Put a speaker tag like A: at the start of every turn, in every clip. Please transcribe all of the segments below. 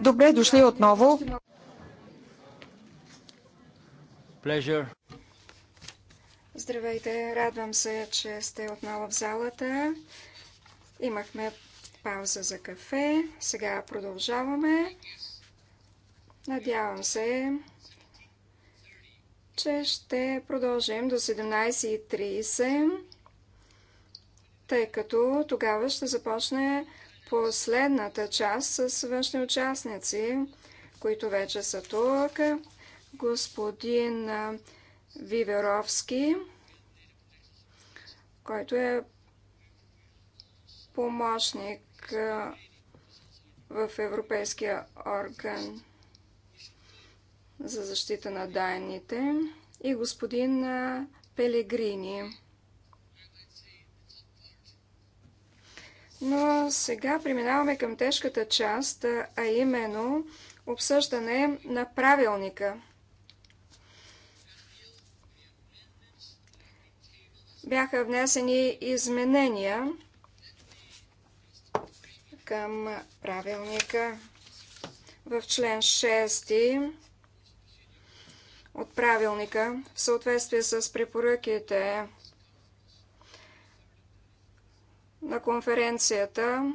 A: Добре дошли отново.
B: Здравейте, радвам се, че сте отново в залата. Имахме пауза за кафе. Сега продължаваме. Надявам се, че ще продължим до 17.30, тъй като тогава ще започне последната част с външни участници, които вече са тук. Господин Виверовски, който е помощник в Европейския орган за защита на данните и господин Пелегрини. Но сега преминаваме към тежката част, а именно обсъждане на правилника. Бяха внесени изменения към правилника в член 6 от правилника в съответствие с препоръките на конференцията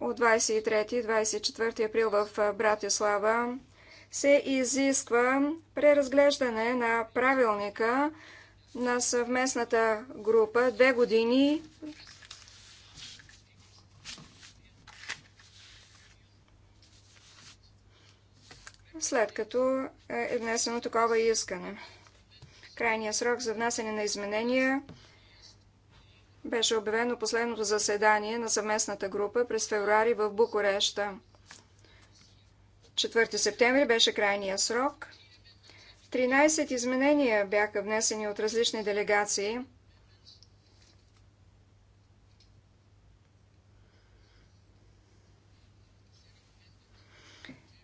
B: от 23-24 април в Братислава се изисква преразглеждане на правилника на съвместната група две години след като е, е внесено такова искане. Крайният срок за внасяне на изменения беше обявено последното заседание на съвместната група през февруари в Букуреща. 4 септември беше крайния срок. 13 изменения бяха внесени от различни делегации.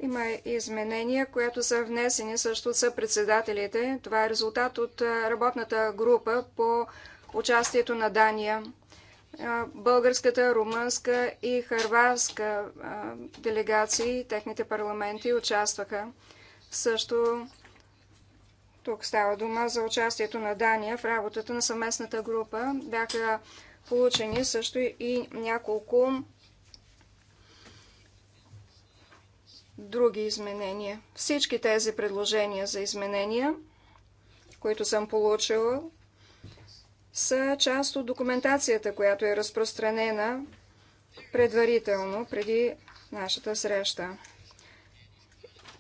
B: Има изменения, които са внесени също от съпредседателите. Това е резултат от работната група по участието на Дания, българската, румънска и харварска делегации, техните парламенти участваха. Също тук става дума за участието на Дания в работата на съвместната група. Бяха получени също и няколко други изменения. Всички тези предложения за изменения, които съм получила, са част от документацията, която е разпространена предварително, преди нашата среща.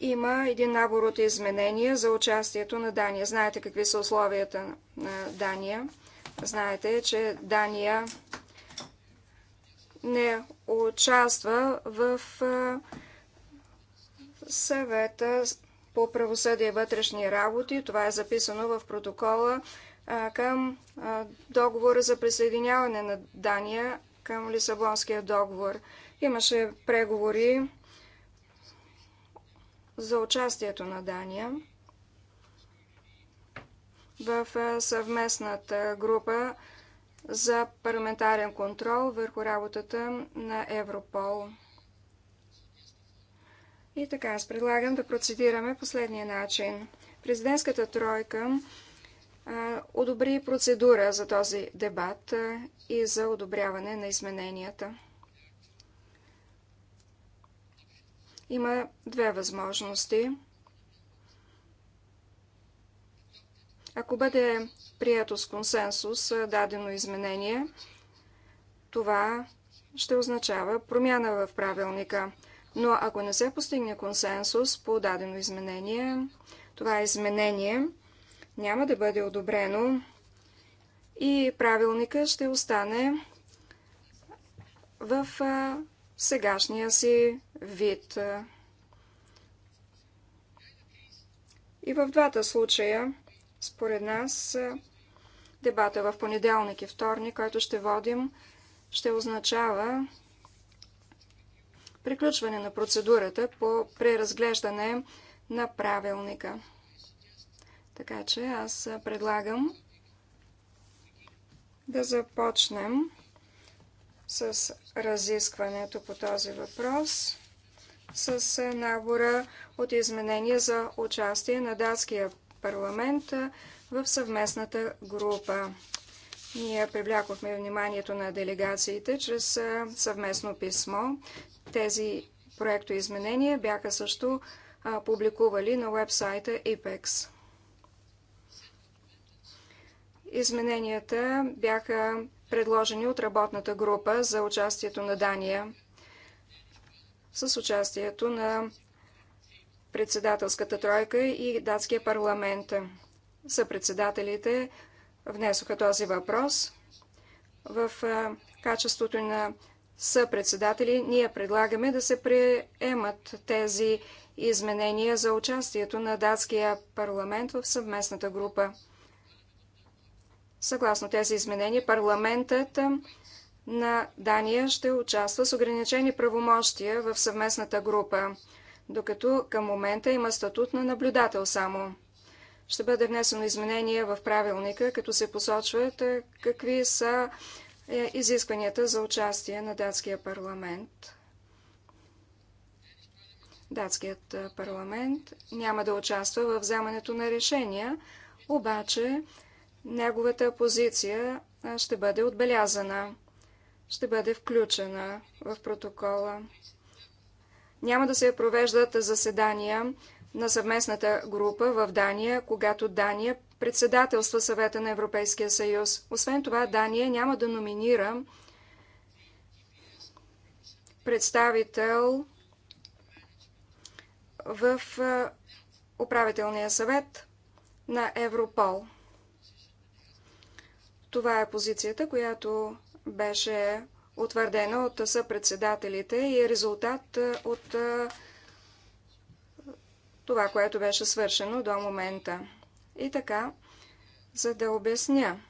B: Има един набор от изменения за участието на Дания. Знаете какви са условията на Дания. Знаете, че Дания не участва в съвета по правосъдие и вътрешни работи. Това е записано в протокола към договора за присъединяване на Дания към Лисабонския договор. Имаше преговори за участието на Дания в съвместната група за парламентарен контрол върху работата на Европол. И така, аз предлагам да процедираме последния начин. Президентската тройка одобри процедура за този дебат и за одобряване на измененията. Има две възможности. Ако бъде прието с консенсус дадено изменение, това ще означава промяна в правилника. Но ако не се постигне консенсус по дадено изменение, това изменение няма да бъде одобрено и правилника ще остане в сегашния си вид. И в двата случая, според нас, дебата в понеделник и вторник, който ще водим, ще означава приключване на процедурата по преразглеждане на правилника. Така че аз предлагам да започнем с разискването по този въпрос с набора от изменения за участие на датския парламент в съвместната група. Ние привлякохме вниманието на делегациите чрез съвместно писмо. Тези проектоизменения бяха също публикували на вебсайта IPEX. Измененията бяха предложени от работната група за участието на Дания с участието на председателската тройка и датския парламент. Съпредседателите внесоха този въпрос. В качеството на съпредседатели ние предлагаме да се приемат тези изменения за участието на датския парламент в съвместната група. Съгласно тези изменения, парламентът на Дания ще участва с ограничени правомощия в съвместната група, докато към момента има статут на наблюдател само. Ще бъде внесено изменение в правилника, като се посочват какви са е, изискванията за участие на датския парламент. Датският парламент няма да участва в вземането на решения, обаче неговата позиция ще бъде отбелязана, ще бъде включена в протокола. Няма да се провеждат заседания на съвместната група в Дания, когато Дания председателства съвета на Европейския съюз. Освен това, Дания няма да номинира представител в управителния съвет на Европол. Това е позицията, която беше утвърдена от съпредседателите и е резултат е, от е, това, което беше свършено до момента. И така, за да обясня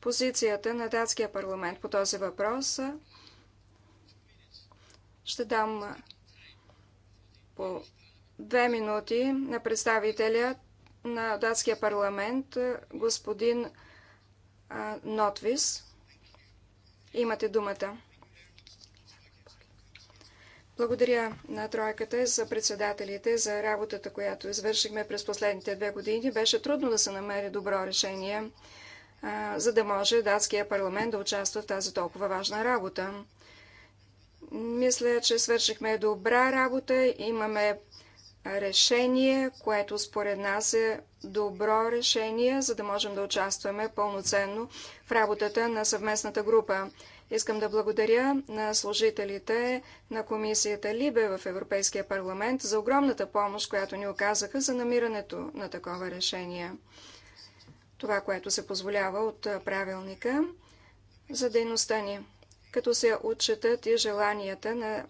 B: позицията на датския парламент по този въпрос, ще дам по две минути на представителят на датския парламент е, господин е, Нотвис. Имате думата. Благодаря на тройката за председателите за работата, която извършихме през последните две години. Беше трудно да се намери добро решение, е, за да може датския парламент да участва в тази толкова важна работа. Мисля, че свършихме добра работа, имаме решение, което според нас е добро решение, за да можем да участваме пълноценно в работата на съвместната група. Искам да благодаря на служителите на комисията Либе в Европейския парламент за огромната помощ, която ни оказаха за намирането на такова решение. Това, което се позволява от правилника за дейността ни, като се отчитат и желанията на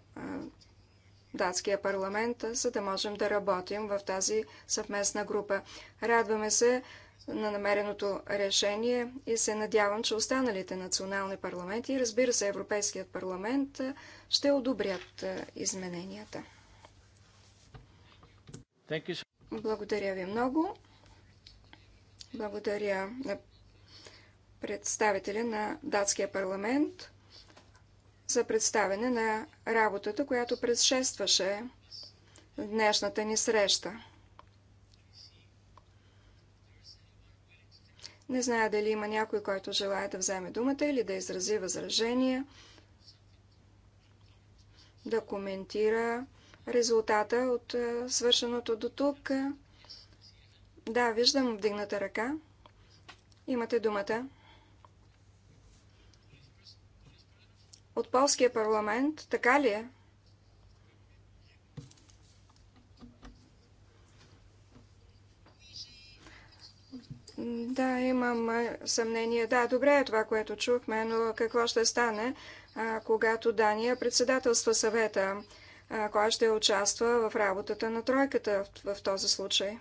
B: датския парламент, за да можем да работим в тази съвместна група. Радваме се на намереното решение и се надявам, че останалите национални парламенти и разбира се Европейският парламент ще одобрят е, измененията. Благодаря ви много. Благодаря на представителя на датския парламент за представяне на работата, която предшестваше днешната ни среща. Не зная дали има някой, който желая да вземе думата или да изрази възражение, да коментира резултата от е, свършеното до тук. Да, виждам вдигната ръка. Имате думата. от полския парламент, така ли е? Да, имам съмнение. Да, добре е това, което чухме, но какво ще стане, когато Дания председателства съвета? кой ще участва в работата на тройката в, в този случай?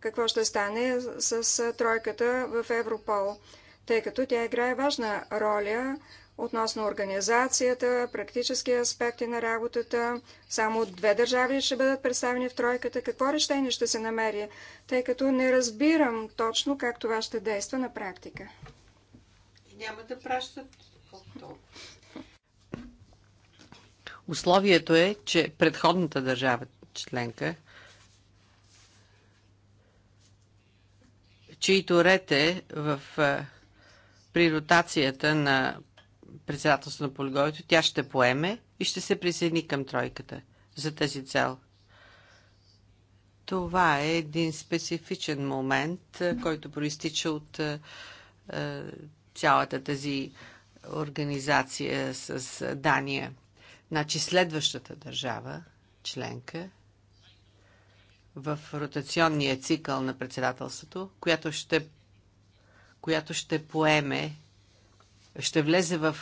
B: Какво ще стане с тройката в Европол? тъй като тя играе важна роля относно организацията, практически аспекти на работата. Само две държави ще бъдат представени в тройката. Какво решение ще се намери, тъй като не разбирам точно как това ще действа на практика.
C: И няма да пращат Условието е, че предходната държава членка, чието ред е в при ротацията на председателство на полигоите, тя ще поеме и ще се присъедини към тройката за тази цел. Това е един специфичен момент, е, който проистича от е, е, цялата тази организация с Дания. Значи следващата държава, членка, в ротационния цикъл на председателството, която ще която ще поеме, ще влезе в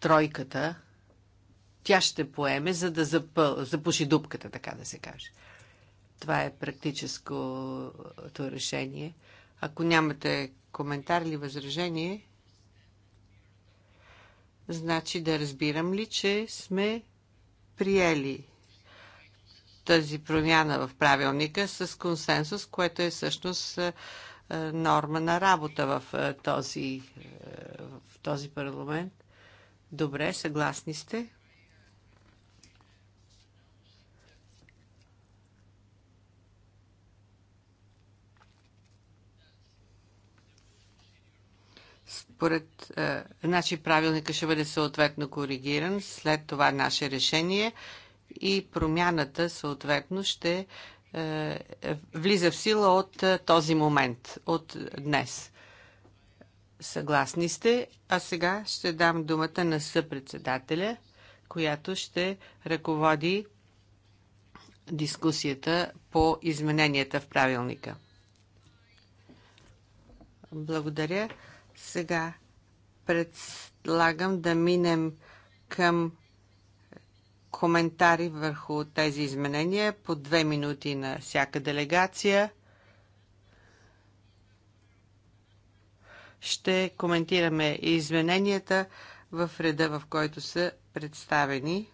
C: тройката, тя ще поеме, за да запъл, запуши дупката, така да се каже. Това е практическото решение. Ако нямате коментар или възражение, значи да разбирам ли, че сме приели тази промяна в правилника с консенсус, което е всъщност е, норма на работа в е, този, е, в този парламент. Добре, съгласни сте? според е, значи правилника ще бъде съответно коригиран, след това наше решение и промяната съответно ще е, влиза в сила от е, този момент, от днес. Съгласни сте, а сега ще дам думата на съпредседателя, която ще ръководи дискусията по измененията в правилника. Благодаря. Сега предлагам да минем към коментари върху тези изменения по две минути на всяка делегация. Ще коментираме измененията в реда, в който са представени.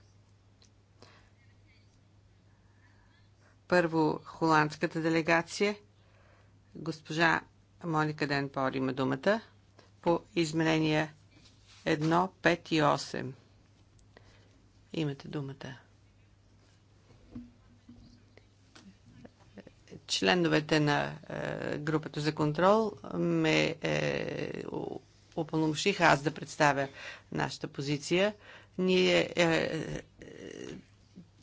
C: Първо холандската делегация. Госпожа Моника Денпор има думата по изменения 1, 5 и 8. Имате думата. Членовете на е, групата за контрол ме опълномощиха е, аз да представя нашата позиция. Ние е,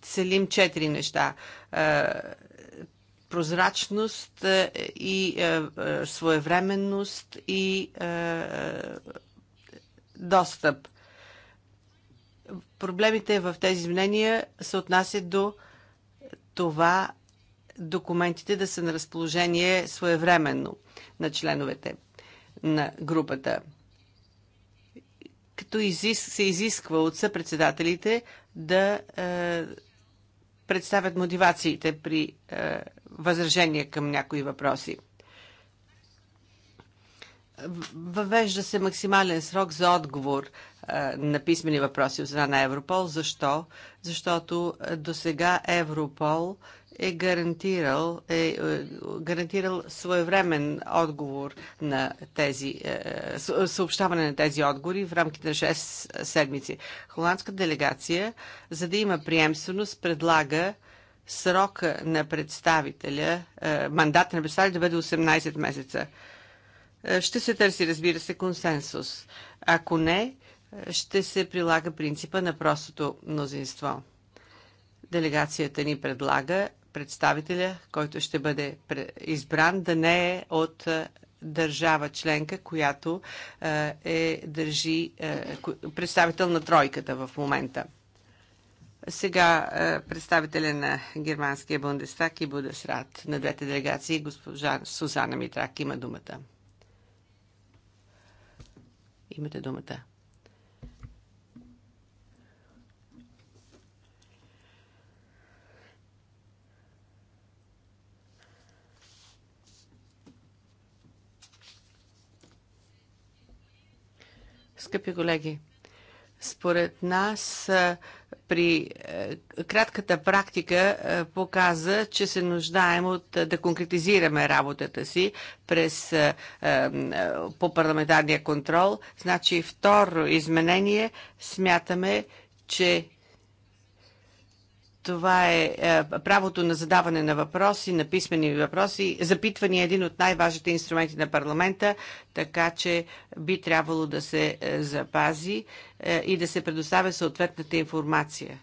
C: целим четири неща прозрачност и своевременност и достъп проблемите в тези изменения се отнасят до това документите да са на разположение своевременно на членовете на групата. Като изис... се изисква от съпредседателите да е, представят мотивациите при е, възражения към някои въпроси. Въвежда се максимален срок за отговор на писмени въпроси от страна на Европол. Защо? Защото до сега Европол е гарантирал, е, е, гарантирал своевремен отговор на тези, е, е съобщаване на тези отговори в рамките на 6 седмици. Холандска делегация, за да има приемственост, предлага срока на представителя, е, мандата на представителя да бъде 18 месеца. Е, ще се търси, разбира се, консенсус. Ако не, е, ще се прилага принципа на простото мнозинство. Делегацията ни предлага представителя, който ще бъде избран, да не е от е, държава членка, която е държи представител на тройката в момента. Сега представителя на германския Бундестаг и срат на двете делегации, госпожа Сузана Митрак, има думата. Имате думата. Скъпи колеги, според нас а, при е, кратката практика е, показа, че се нуждаем от е, да конкретизираме работата си през по парламентарния контрол. Значи второ изменение смятаме, че това е, е правото на задаване на въпроси, на писмени въпроси. Запитване е един от най-важните инструменти на парламента, така че би трябвало да се е, запази е, и да се предоставя съответната информация.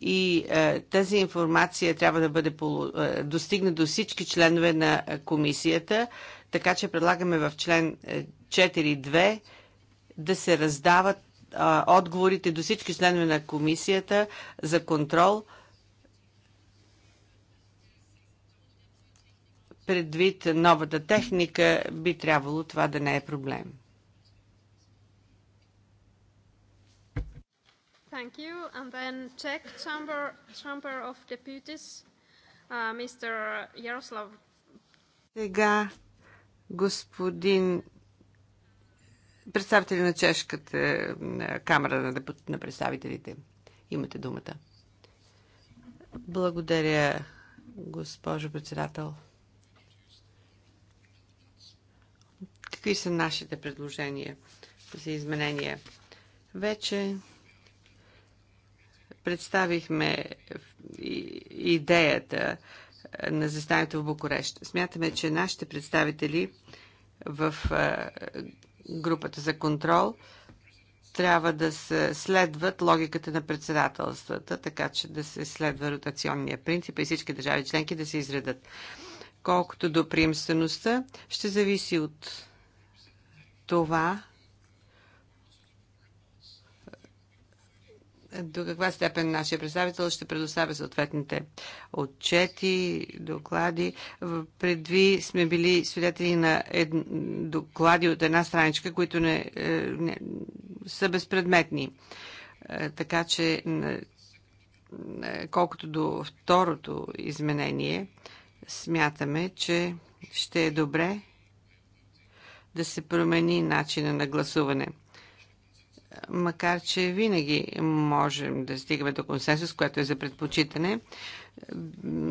C: и е, тази информация трябва да бъде полу, е, до всички членове на комисията, така че предлагаме в член 4.2 да се раздават отговорите до всички членове на комисията за контрол предвид новата техника, би трябвало това да не е проблем.
B: Thank you. And then Czech Chamber, Chamber of Deputies, uh, Mr. Jaroslav.
C: Сега господин Представители на Чешката камера на, депут... на представителите. Имате думата. Благодаря, госпожо председател. Какви са нашите предложения за изменения? Вече представихме идеята е, на застанието в Букурещ. Смятаме, че нашите представители в е, групата за контрол трябва да се следват логиката на председателствата, така че да се следва ротационния принцип и всички държави членки да се изредат. Колкото до приемствеността, ще зависи от това до каква степен нашия представител ще предоставя съответните отчети, доклади. Предви сме били свидетели на ед... доклади от една страничка, които не, е, не... са безпредметни. Е, така че, е, колкото до второто изменение, смятаме, че ще е добре да се промени начина на гласуване – макар че винаги можем да стигаме до консенсус, което е за предпочитане,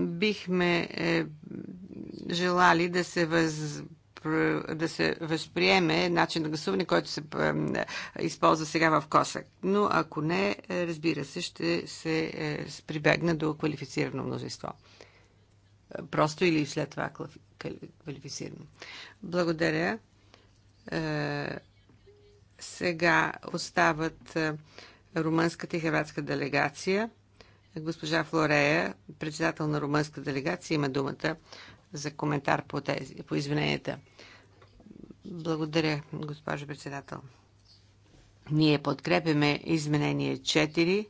C: бихме е, желали да се въз да се възприеме начин на гласуване, който се е, използва сега в Косак. Но ако не, е, разбира се, ще се прибегне до квалифицирано мнозинство. Просто или след това квалифицирано. Благодаря. Сега остават румънската и хрватска делегация. Госпожа Флорея, председател на румънска делегация, има думата за коментар по, тези, по извиненията. Благодаря, госпожо председател. Ние подкрепяме изменение 4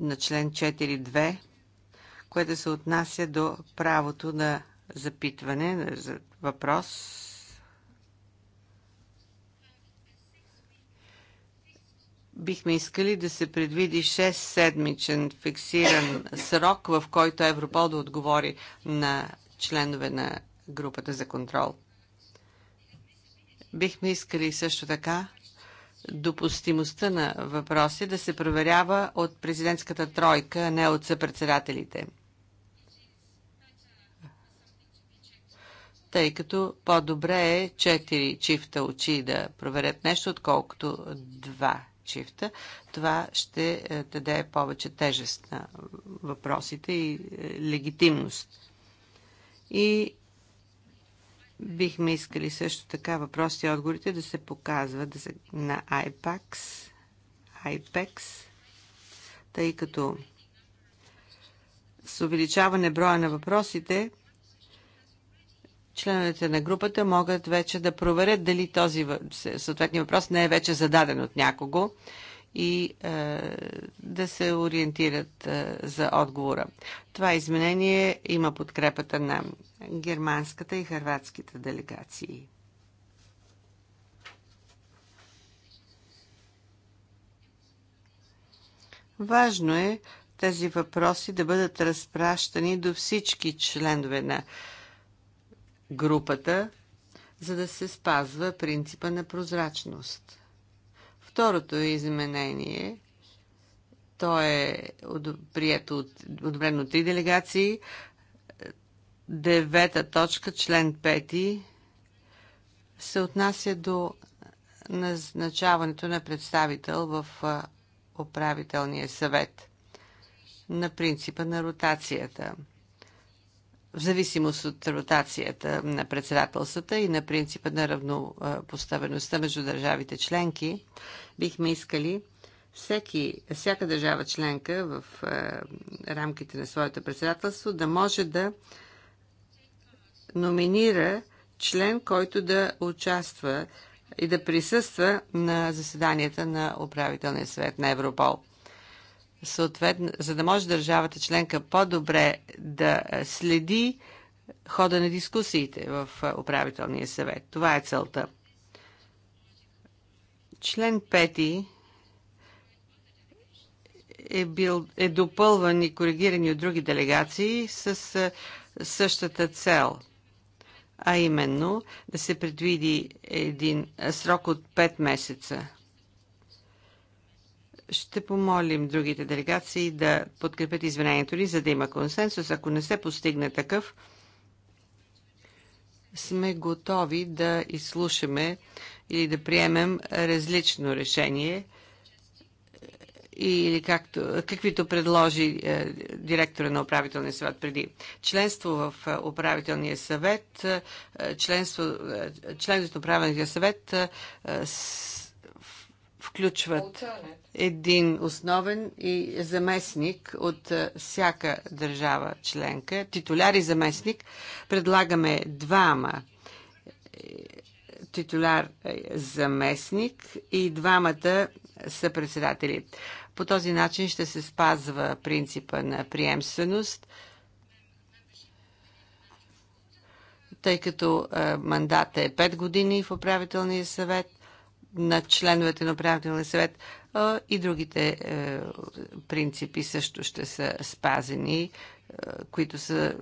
C: на член 4.2, което се отнася до правото на запитване, за въпрос бихме искали да се предвиди 6-седмичен фиксиран срок, в който Европол да отговори на членове на групата за контрол. Бихме искали също така допустимостта на въпроси да се проверява от президентската тройка, а не от съпредседателите. Тъй като по-добре е четири чифта очи да проверят нещо, отколкото два чифта. това ще е, даде повече тежест на въпросите и е, легитимност. И бихме искали също така въпросите и отговорите да се показват на IPAX, IPEX, тъй като с увеличаване броя на въпросите членовете на групата могат вече да проверят дали този съответния въпрос не е вече зададен от някого и е, да се ориентират е, за отговора. Това изменение има подкрепата на германската и хърватските делегации. Важно е тези въпроси да бъдат разпращани до всички членове на групата, за да се спазва принципа на прозрачност. Второто изменение, то е прието от, одобрено от три делегации. Девета точка, член пети, се отнася до назначаването на представител в управителния съвет на принципа на ротацията – в зависимост от ротацията на председателствата и на принципа на равнопоставеността между държавите членки, бихме искали всеки, всяка държава членка в е, рамките на своето председателство да може да номинира член, който да участва и да присъства на заседанията на управителния съвет на Европол съответно, за да може държавата членка по-добре да следи хода на дискусиите в управителния съвет. Това е целта. Член 5 е, бил, е допълван и коригиран от други делегации с същата цел, а именно да се предвиди един срок от 5 месеца – ще помолим другите делегации да подкрепят извинението ни, за да има консенсус. Ако не се постигне такъв, сме готови да изслушаме или да приемем различно решение или както, каквито предложи е, директора на управителния съвет преди. Членство в е, управителния съвет, е, членство, членството на управителния съвет с включват един основен и заместник от всяка държава членка, титуляр и заместник. Предлагаме двама е, титуляр е, заместник и двамата са председатели. По този начин ще се спазва принципа на приемственост, тъй като мандата е 5 е години в управителния съвет – на членовете на управителния съвет и другите е, принципи също ще са спазени, е, които са,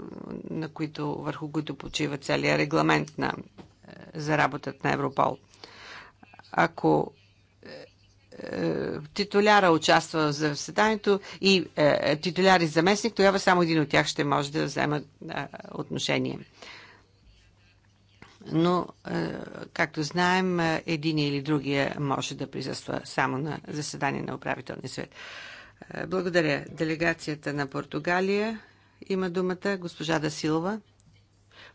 C: на които, върху които почива целият регламент на, е, за работата на Европол. Ако титуляра участва в заседанието и титуляр и заместник, тогава само един от тях ще може да взема отношение но, е, както знаем, е, един или другия може да присъства само на заседание на управителния съвет. Е, благодаря. Делегацията на Португалия има думата госпожа Дасилва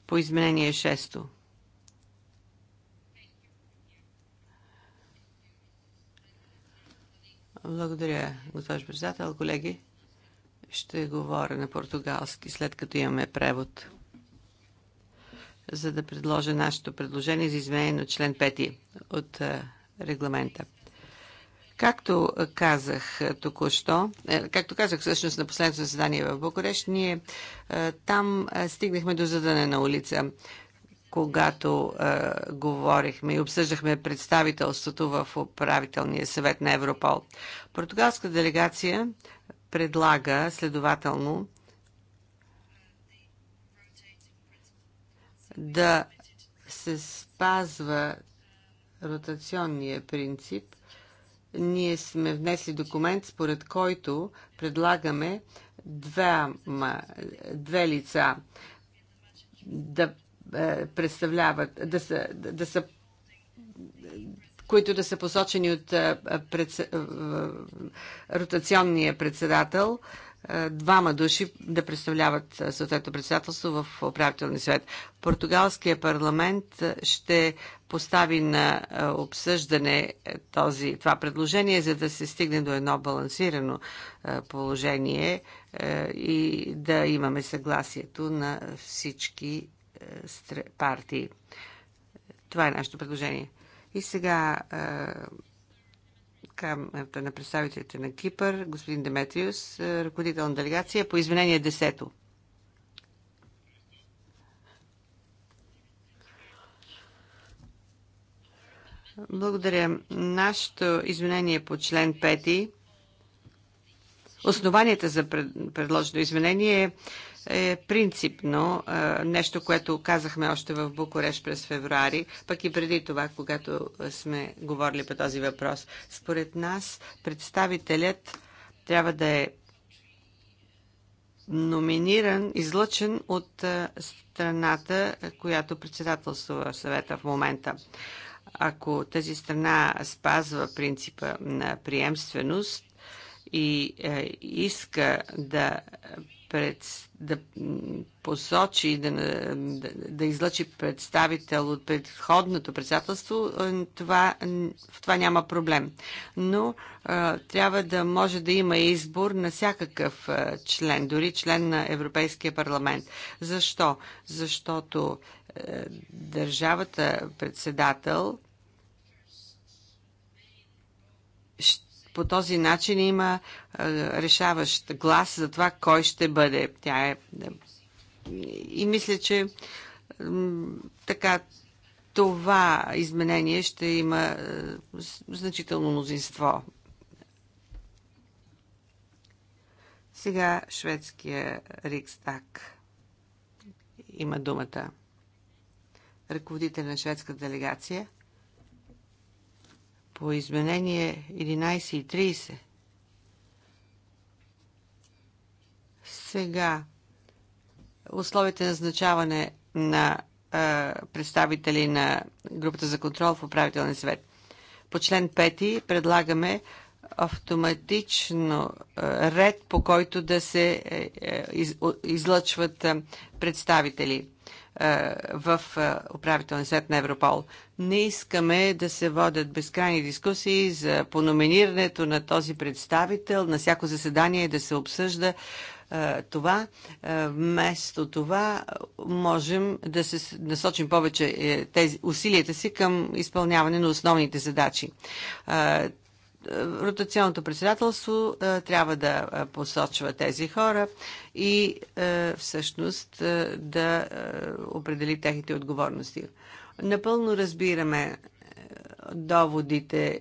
C: по изменение 6. Благодаря, госпожо председател. Колеги, ще говоря на португалски, след като имаме превод за да предложа нашето предложение за изменение на член 5 от е, регламента. Както казах е, току-що, е, както казах всъщност на последното заседание в Букуреш, ние там стигнахме до задане на улица, когато говорихме и обсъждахме представителството в управителния съвет на Европол. Португалска делегация предлага следователно да се спазва ротационния принцип, ние сме внесли документ, според който предлагаме двама, две лица да е, представляват, да са, да са които да са посочени от е, пред, е, ротационния председател, е, двама души да представляват е, съответно председателство в управителния съвет. Португалския парламент е, ще постави на обсъждане този, това предложение, за да се стигне до едно балансирано положение и да имаме съгласието на всички партии. Това е нашето предложение. И сега Камерата на представителите на Кипър, господин Деметриус, е, ръководител на делегация по извинение 10. Благодаря. Нашето изменение по член 5 Основанията за предложено изменение е е принципно е, нещо, което казахме още в Букуреш през февруари, пък и преди това, когато сме говорили по този въпрос. Според нас представителят трябва да е номиниран, излъчен от е, страната, която председателства съвета в момента. Ако тази страна спазва принципа на приемственост и е, иска да пред, да посочи, да, да, да излъчи представител от предходното председателство, е, това, в това няма проблем. Но а, е, трябва да може да има избор на всякакъв а, е, член, дори член на Европейския парламент. Защо? Защото а, държавата председател по този начин има е, решаващ глас за това кой ще бъде. Тя е. е и мисля, че така това изменение ще има е, значително мнозинство. Сега шведския Рикстак има думата. Ръководител на шведска делегация по изменение 11.30. Сега условията на назначаване на а, представители на групата за контрол в управителния съвет. По член 5 предлагаме автоматично ред, по който да се е, е, излъчват представители. Е, в е, управителния съвет на Европол. Не искаме да се водят безкрайни дискусии за пономинирането на този представител, на всяко заседание да се обсъжда е, това. Вместо това можем да се насочим повече тези, усилията си към изпълняване на основните задачи ротационното председателство е, трябва да е, посочва тези хора и е, всъщност да определи техните отговорности. Напълно разбираме доводите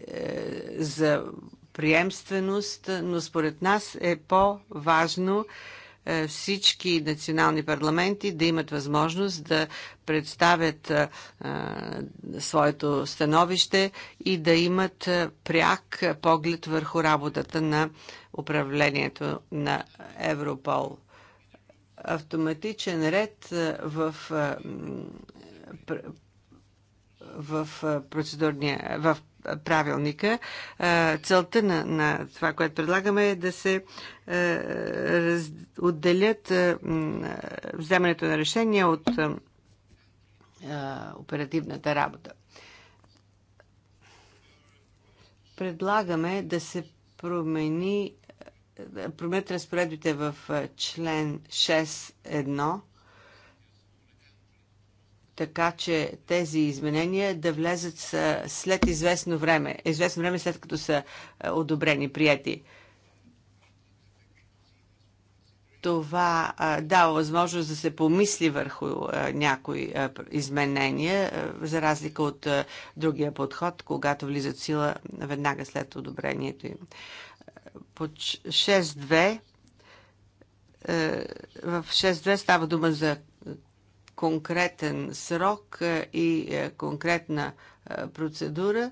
C: за приемственост, но според нас е по-важно е, всички национални парламенти да имат възможност да представят е, е, своето становище и да имат пряк поглед върху работата на управлението на Европол. Автоматичен ред в в процедурния, в правилника. Целта на, на това, което предлагаме е да се раз, отделят вземането на решения от оперативната работа. Предлагаме да се промени променят разпоредбите в член 6.1 така че тези изменения да влезат след известно време, известно време след като са е, одобрени, прияти. Това е, дава възможност да се помисли върху е, някои изменения, за разлика от другия подход, когато влизат сила веднага след одобрението им. По 6.2 в 6.2 става дума за конкретен срок и конкретна процедура.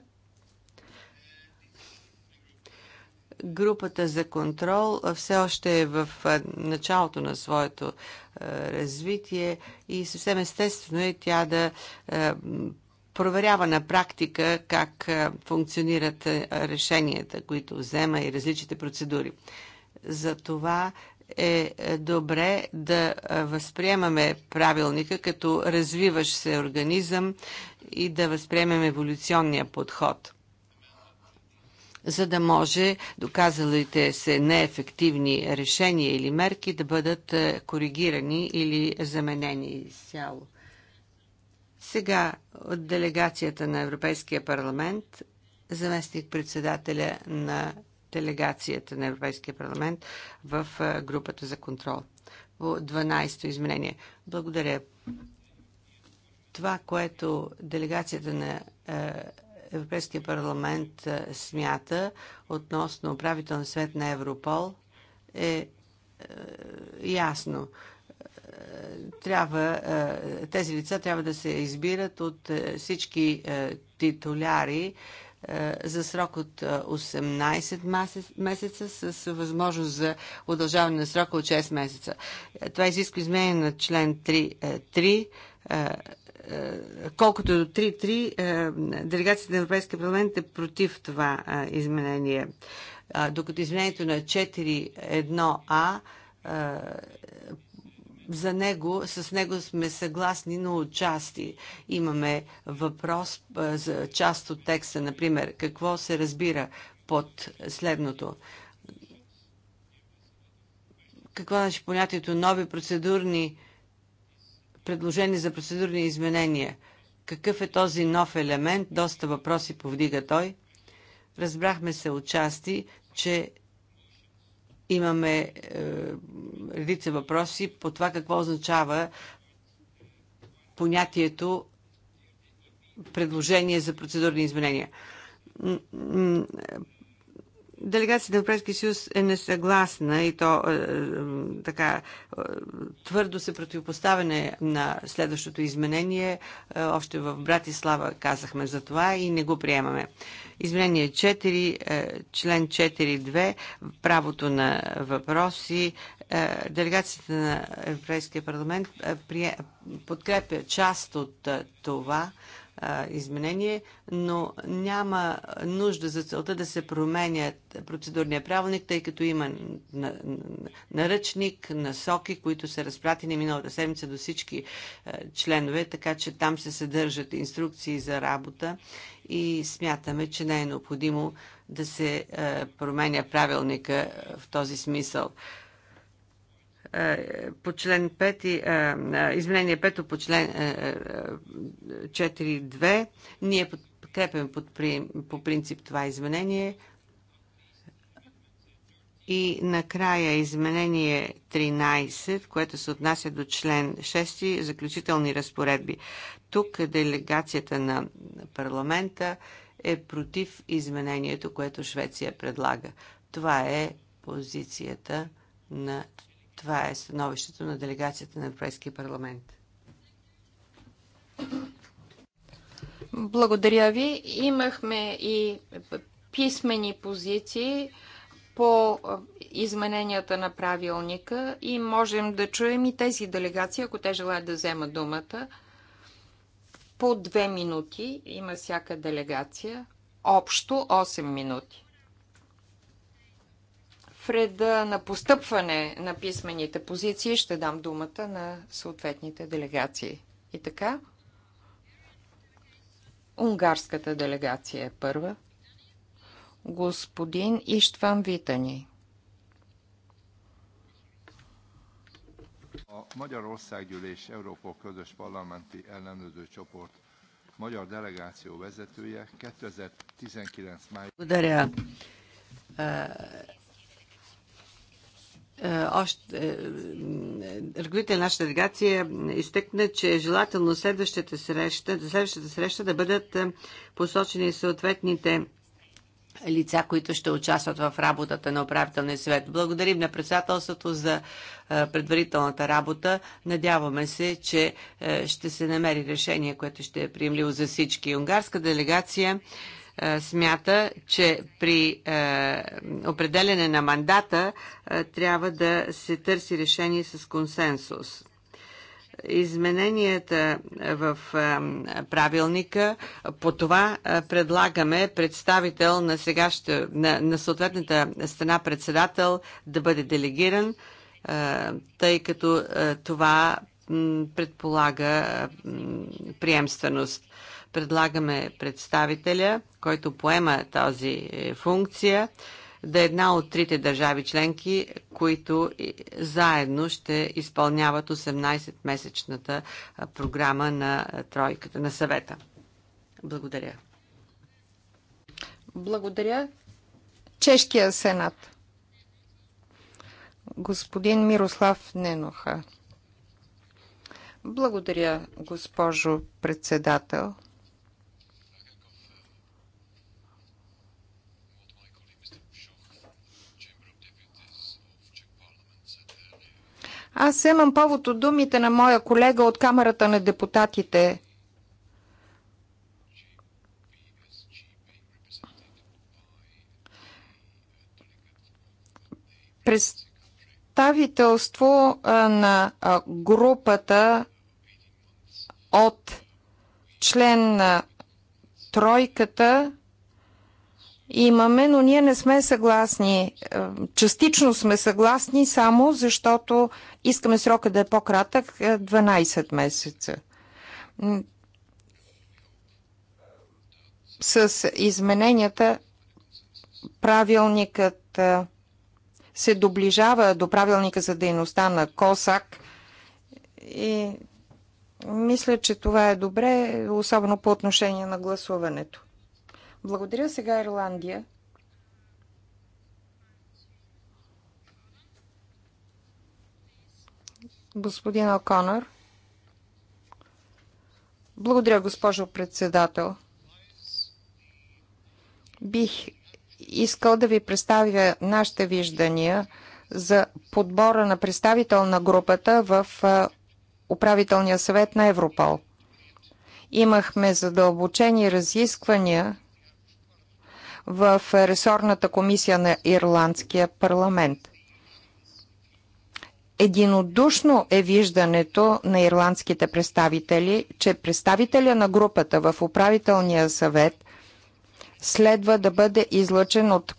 C: Групата за контрол все още е в началото на своето развитие и съвсем естествено е тя да проверява на практика как функционират решенията, които взема и различните процедури. За това е, е добре да е, възприемаме правилника като развиващ се организъм и да възприемем еволюционния подход за да може доказалите се неефективни решения или мерки да бъдат е, коригирани или заменени изцяло. Сега от делегацията на Европейския парламент заместник председателя на делегацията на Европейския парламент в групата за контрол. 12-то изменение. Благодаря. Това, което делегацията на Европейския парламент смята относно управителния свет на Европол е ясно трябва, тези лица трябва да се избират от всички титуляри е, за срок от 18 е, месеца с възможност за удължаване на срока от 6 месеца. Е, това изисква изменение на член 3.3 колкото до 3.3, делегацията на Европейския парламент е против това изменение. Докато изменението на 4.1а за него, с него сме съгласни, но отчасти имаме въпрос за част от текста, например, какво се разбира под следното. Какво е значи понятието нови процедурни предложения за процедурни изменения? Какъв е този нов елемент? Доста въпроси повдига той. Разбрахме се отчасти, че Имаме е, редица въпроси по това какво означава понятието предложение за процедурни изменения. Делегацията на Европейския съюз е несъгласна и то е, е така е, твърдо се противопоставяне на следващото изменение. Е, още в Братислава казахме за това и не го приемаме. Изменение 4, член 4.2, правото на въпроси. Делегацията на Европейския парламент подкрепя част от това изменение, но няма нужда за целта да се променя процедурния правилник, тъй като има наръчник, насоки, които са разпратени миналата седмица до всички членове, така че там се съдържат инструкции за работа и смятаме, че не е необходимо да се променя правилника в този смисъл по член 5, изменение 5 по член 4.2. Ние подкрепяме по принцип това изменение. И накрая изменение 13, което се отнася до член 6, заключителни разпоредби. Тук делегацията на парламента е против изменението, което Швеция предлага. Това е позицията на това е становището на делегацията на Европейския парламент.
A: Благодаря ви. Имахме и писмени позиции по измененията на правилника и можем да чуем и тези делегации, ако те желаят да вземат думата. По две минути има всяка делегация. Общо 8 минути в реда на постъпване на писмените позиции ще дам думата на съответните делегации. И така, унгарската делегация е първа. Господин Иштван Витани.
C: Közös Csoport vezetője 2019 Благодаря. Е, е, още, е, ръководител на нашата делегация изтъкна, че е желателно следващата среща, за следващата среща да бъдат е, посочени съответните лица, които ще участват в работата на управителния съвет. Благодарим на председателството за предварителната работа. Надяваме се, че ще се намери решение, което ще е приемливо за всички. Унгарска делегация е, смята, че при е, определене на мандата е, трябва да се търси решение с консенсус измененията в правилника. По това предлагаме представител на, сегаща, на, на съответната страна председател да бъде делегиран, тъй като това предполага приемственост. Предлагаме представителя, който поема тази е, функция, да е една от трите държави членки, които е, заедно ще изпълняват 18-месечната програма на тройката, на съвета. Благодаря.
A: Благодаря. Чешкия сенат.
C: Господин
A: Мирослав Неноха. Благодаря, госпожо председател. Аз имам повод от думите на моя колега от Камерата на депутатите. Представителство на групата от член на тройката имаме, но ние не сме съгласни. Е, частично сме съгласни само защото искаме срока да е по-кратък 12 е, месеца. С измененията правилникът е, се доближава до правилника за дейността на КОСАК и мисля, че това е добре, особено по отношение на гласуването. Благодаря сега Ирландия. Господин Оконър. Благодаря, госпожо председател. Бих искал да ви представя нашите виждания за подбора на представител на групата в управителния съвет на Европол. Имахме задълбочени разисквания в ресорната комисия на Ирландския парламент. Единодушно е виждането на ирландските представители, че представителя на групата в управителния съвет следва да бъде излъчен от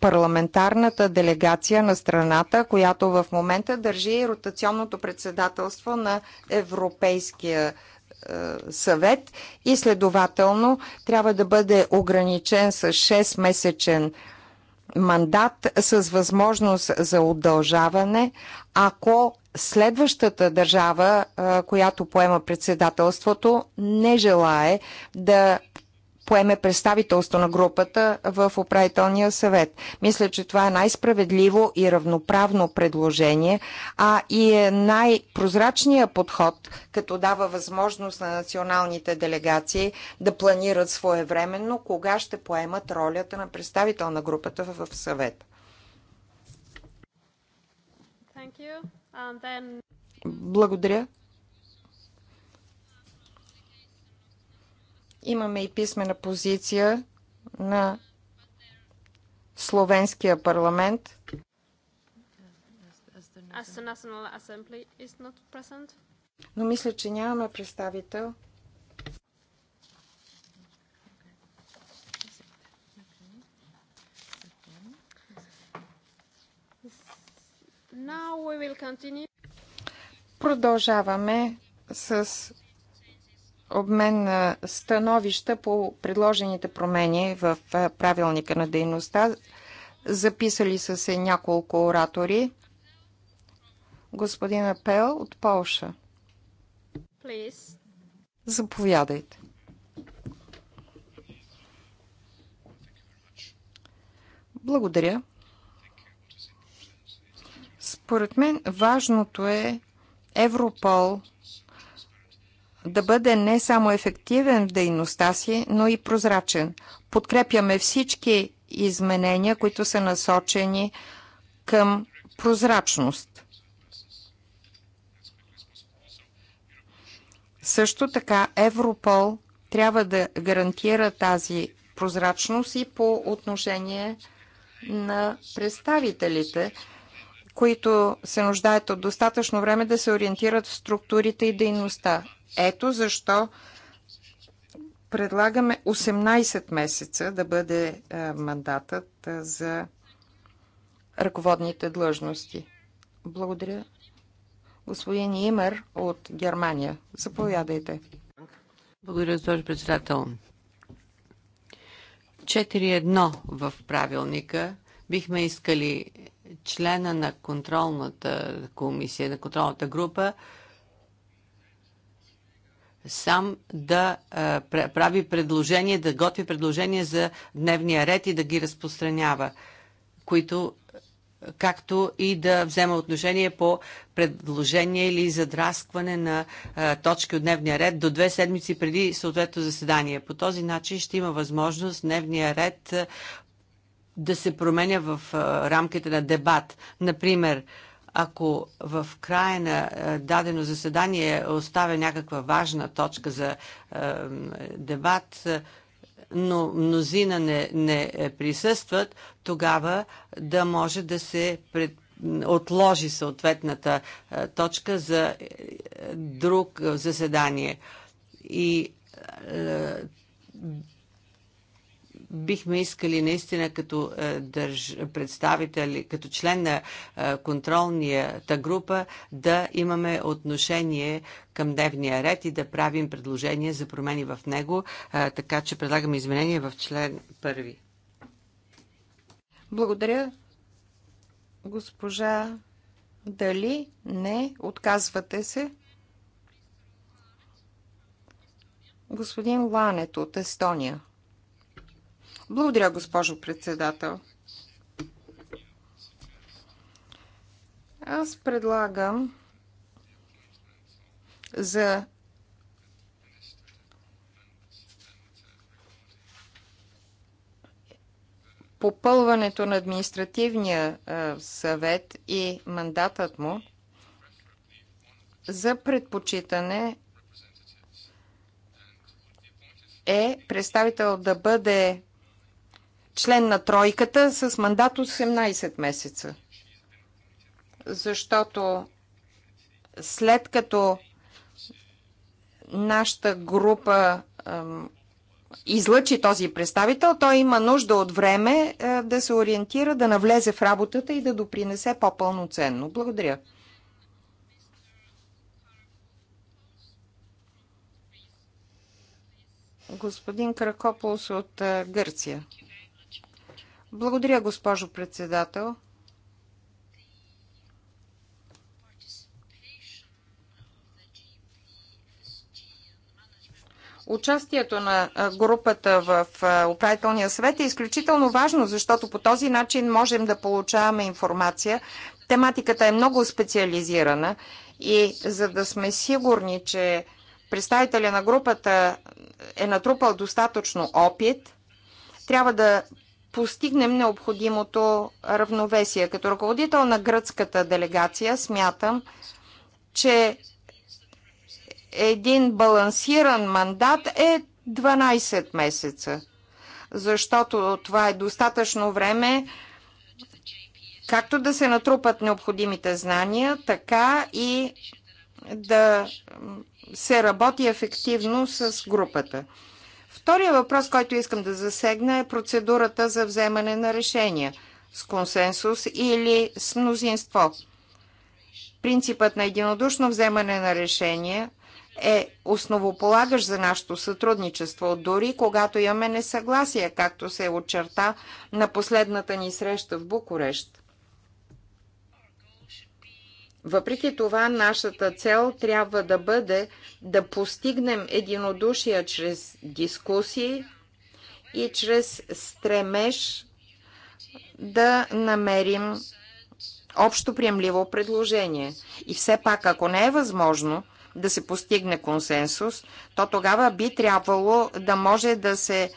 A: парламентарната делегация на страната, която в момента държи ротационното председателство на Европейския съюз е, съвет и следователно трябва да бъде ограничен с 6-месечен мандат с възможност за удължаване, ако следващата държава, е, която поема председателството, не желае да поеме представителство на групата в управителния съвет. Мисля, че това е най-справедливо и равноправно предложение, а и е най-прозрачният подход, като дава възможност на националните делегации да планират своевременно кога ще поемат ролята на представител на групата в съвет. Благодаря. Имаме и писмена позиция на Словенския парламент. Но мисля, че нямаме представител. Продължаваме с обмен на становища по предложените промени в правилника на дейността. Записали са се няколко оратори. Господин Апел от Полша. Заповядайте. Благодаря. Според мен важното е Европол – да бъде не само ефективен в дейността си, но и прозрачен. Подкрепяме всички изменения, които са насочени към прозрачност. Също така Европол трябва да гарантира тази прозрачност и по отношение на представителите, които се нуждаят от достатъчно време да се ориентират в структурите и дейността. Ето защо предлагаме 18 месеца да бъде е, мандатът е, за ръководните длъжности. Благодаря. Господин Имер от Германия. Заповядайте.
C: Благодаря, госпожо председател. 4.1 в правилника бихме искали члена на контролната комисия, на контролната група, сам да прави предложение, да готви предложения за дневния ред и да ги разпространява, които както и да взема отношение по предложение или задраскване на а, точки от дневния ред до две седмици преди съответно заседание. По този начин ще има възможност дневния ред а, да се променя в а, рамките на дебат. Например, ако в края на е, дадено заседание оставя някаква важна точка за е, дебат, е, но мнозина не, не присъстват, тогава да може да се пред, отложи съответната точка за друг заседание. И бихме искали наистина като е, държ... представители, като член на е, контролнията група да имаме отношение към дневния ред и да правим предложения за промени в него, е, така че предлагаме изменения в член първи. Благодаря. Госпожа
A: Дали? Не. Отказвате се. Господин Ланет от Естония. Благодаря, госпожо председател. Аз предлагам за попълването на административния съвет и мандатът му за предпочитане е представител да бъде член на тройката с мандат 18 месеца. Защото след като нашата група ем, излъчи този представител, той има нужда от време е, да се ориентира, да навлезе в работата и да допринесе по-пълноценно. Благодаря. Господин Кракополос от е, Гърция. Благодаря, госпожо председател. Участието на групата в управителния съвет е изключително важно, защото по този начин можем да получаваме информация. Тематиката е много специализирана и за да сме сигурни, че представителя на групата е натрупал достатъчно опит, трябва да постигнем необходимото равновесие. Като ръководител на гръцката делегация смятам, че един балансиран мандат е 12 месеца, защото това е достатъчно време както да се натрупат необходимите знания, така и да се работи ефективно с групата. Втория въпрос, който искам да засегна е процедурата за вземане на решения с консенсус или с мнозинство. Принципът на единодушно вземане на решения е основополагащ за нашето сътрудничество, дори когато имаме несъгласие, както се очерта на последната ни среща в Букурещ. Въпреки това, нашата цел трябва да бъде да постигнем единодушие чрез дискусии и чрез стремеж да намерим общо приемливо предложение. И все пак, ако не е възможно да се постигне консенсус, то тогава би трябвало да може да се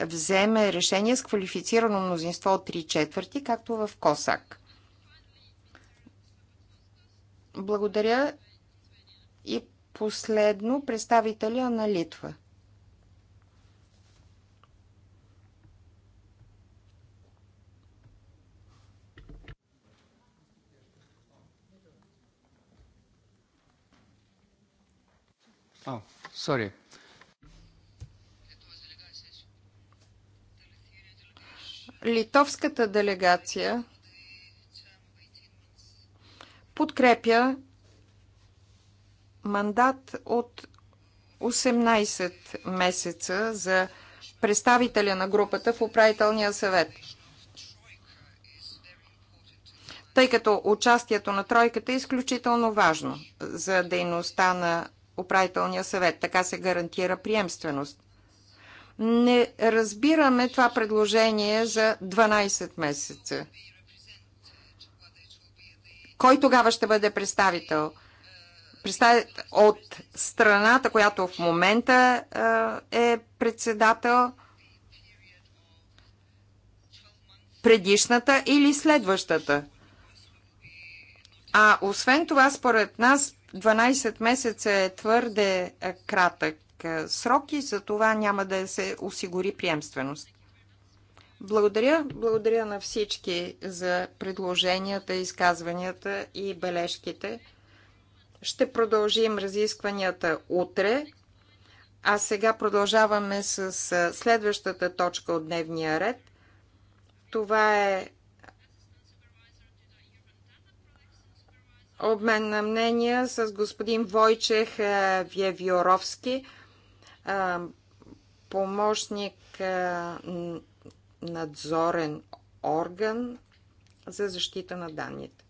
A: вземе решение с квалифицирано мнозинство от 3 четвърти, както в КОСАК. Благодаря и последно представителя на Литва. Oh, sorry. Литовската делегация подкрепя мандат от 18 месеца за представителя на групата в управителния съвет. Тъй като участието на тройката е изключително важно за дейността на управителния съвет, така се гарантира приемственост. Не разбираме това предложение за 12 месеца. Кой тогава ще бъде представител? Представител от страната, която в момента е председател предишната или следващата. А освен това, според нас, 12 месеца е твърде кратък срок и за това няма да се осигури приемственост. Благодаря. Благодаря на всички за предложенията, изказванията и бележките. Ще продължим разискванията утре. А сега продължаваме с следващата точка от дневния ред. Това е обмен на мнения с господин Войчех Вявиоровски, помощник надзорен орган за защита на данните.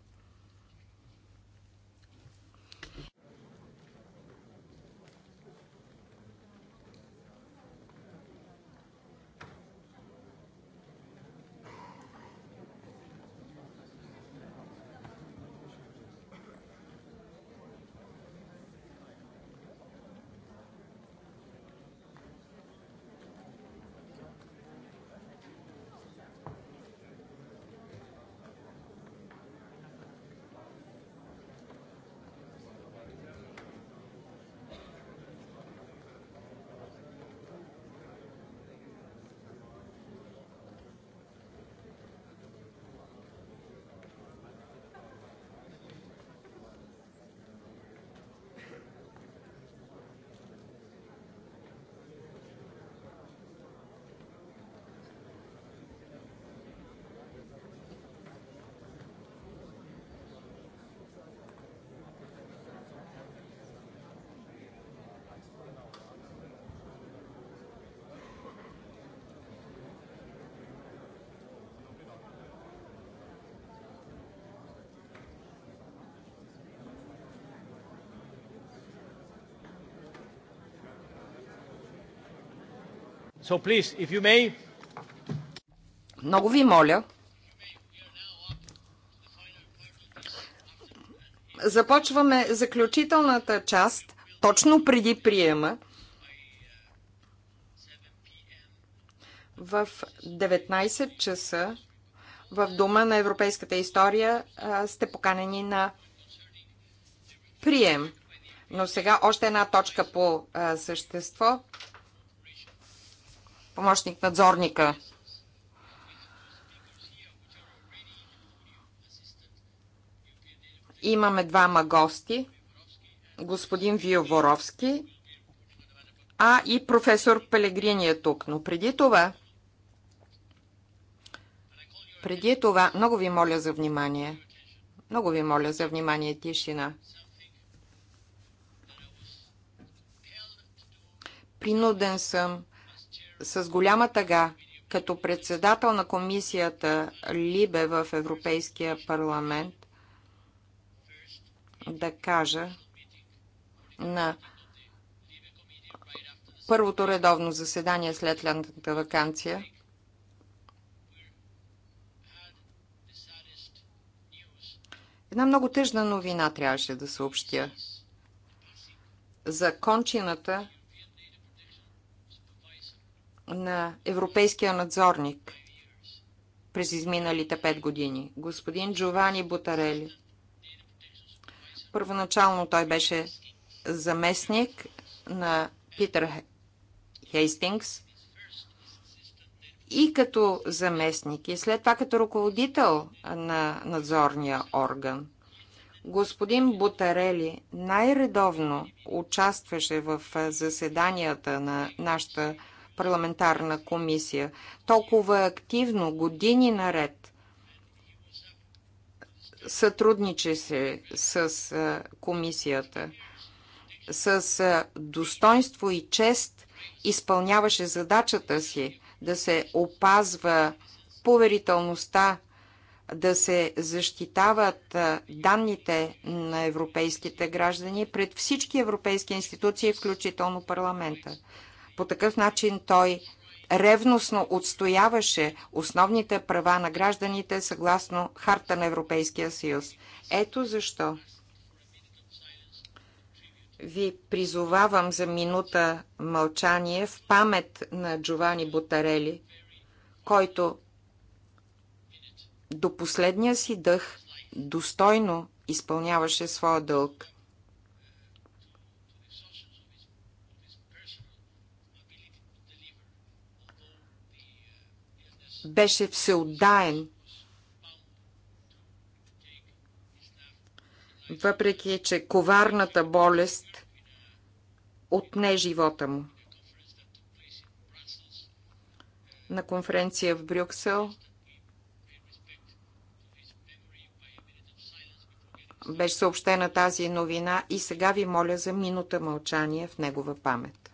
C: So please, if you may...
A: Много ви моля. Започваме заключителната част точно преди приема в 19 часа в Дома на европейската история сте поканени на прием. Но сега още една точка по същество помощник надзорника. Имаме двама гости, господин Вио Воровски, а и професор Пелегрини е тук. Но преди това, преди това, много ви моля за внимание. Много ви моля за внимание, тишина. Принуден съм с голяма тъга като председател на комисията Либе в Европейския парламент да кажа на първото редовно заседание след лятната вакансия, Една много тъжна новина трябваше да съобщя за кончината на европейския надзорник през изминалите пет години. Господин Джовани Бутарели. Първоначално той беше заместник на Питър Хейстингс и като заместник, и след това като ръководител на надзорния орган. Господин Бутарели най-редовно участваше в заседанията на нашата парламентарна комисия, толкова активно, години наред, сътрудничи се с комисията, с достоинство и чест изпълняваше задачата си да се опазва поверителността, да се защитават данните на европейските граждани пред всички европейски институции, включително парламента. По такъв начин той ревностно отстояваше основните права на гражданите съгласно Харта на Европейския съюз. Ето защо ви призовавам за минута мълчание в памет на Джовани Ботарели, който до последния си дъх достойно изпълняваше своя дълг. беше всеотдаен. Въпреки, че коварната болест отне живота му. На конференция в Брюксел беше съобщена тази новина и сега ви моля за минута мълчание в негова памет.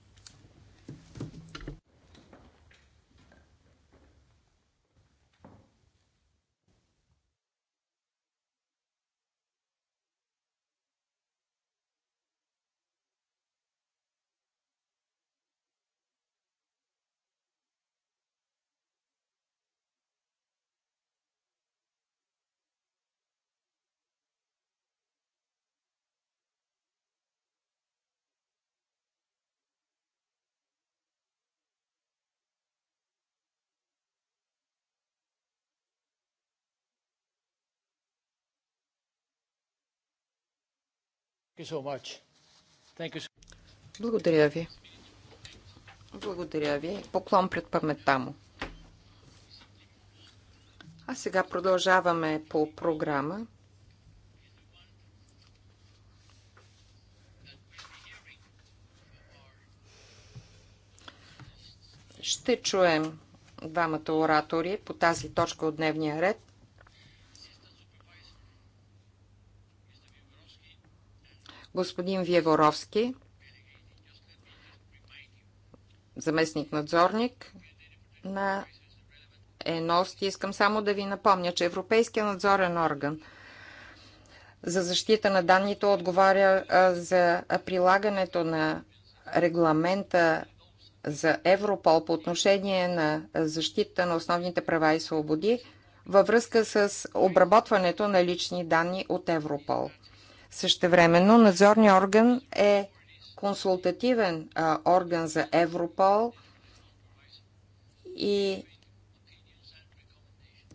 A: Благодаря ви. Благодаря ви. Поклон пред паметта му. А сега продължаваме по програма. Ще чуем двамата оратори по тази точка от дневния ред. господин Виеворовски, заместник надзорник на ЕНОСТ. Искам само да ви напомня, че Европейския надзорен орган за защита на данните отговаря за прилагането на регламента за Европол по отношение на защита на основните права и свободи във връзка с обработването на лични данни от Европол. Същевременно надзорният орган е консултативен а, орган за Европол и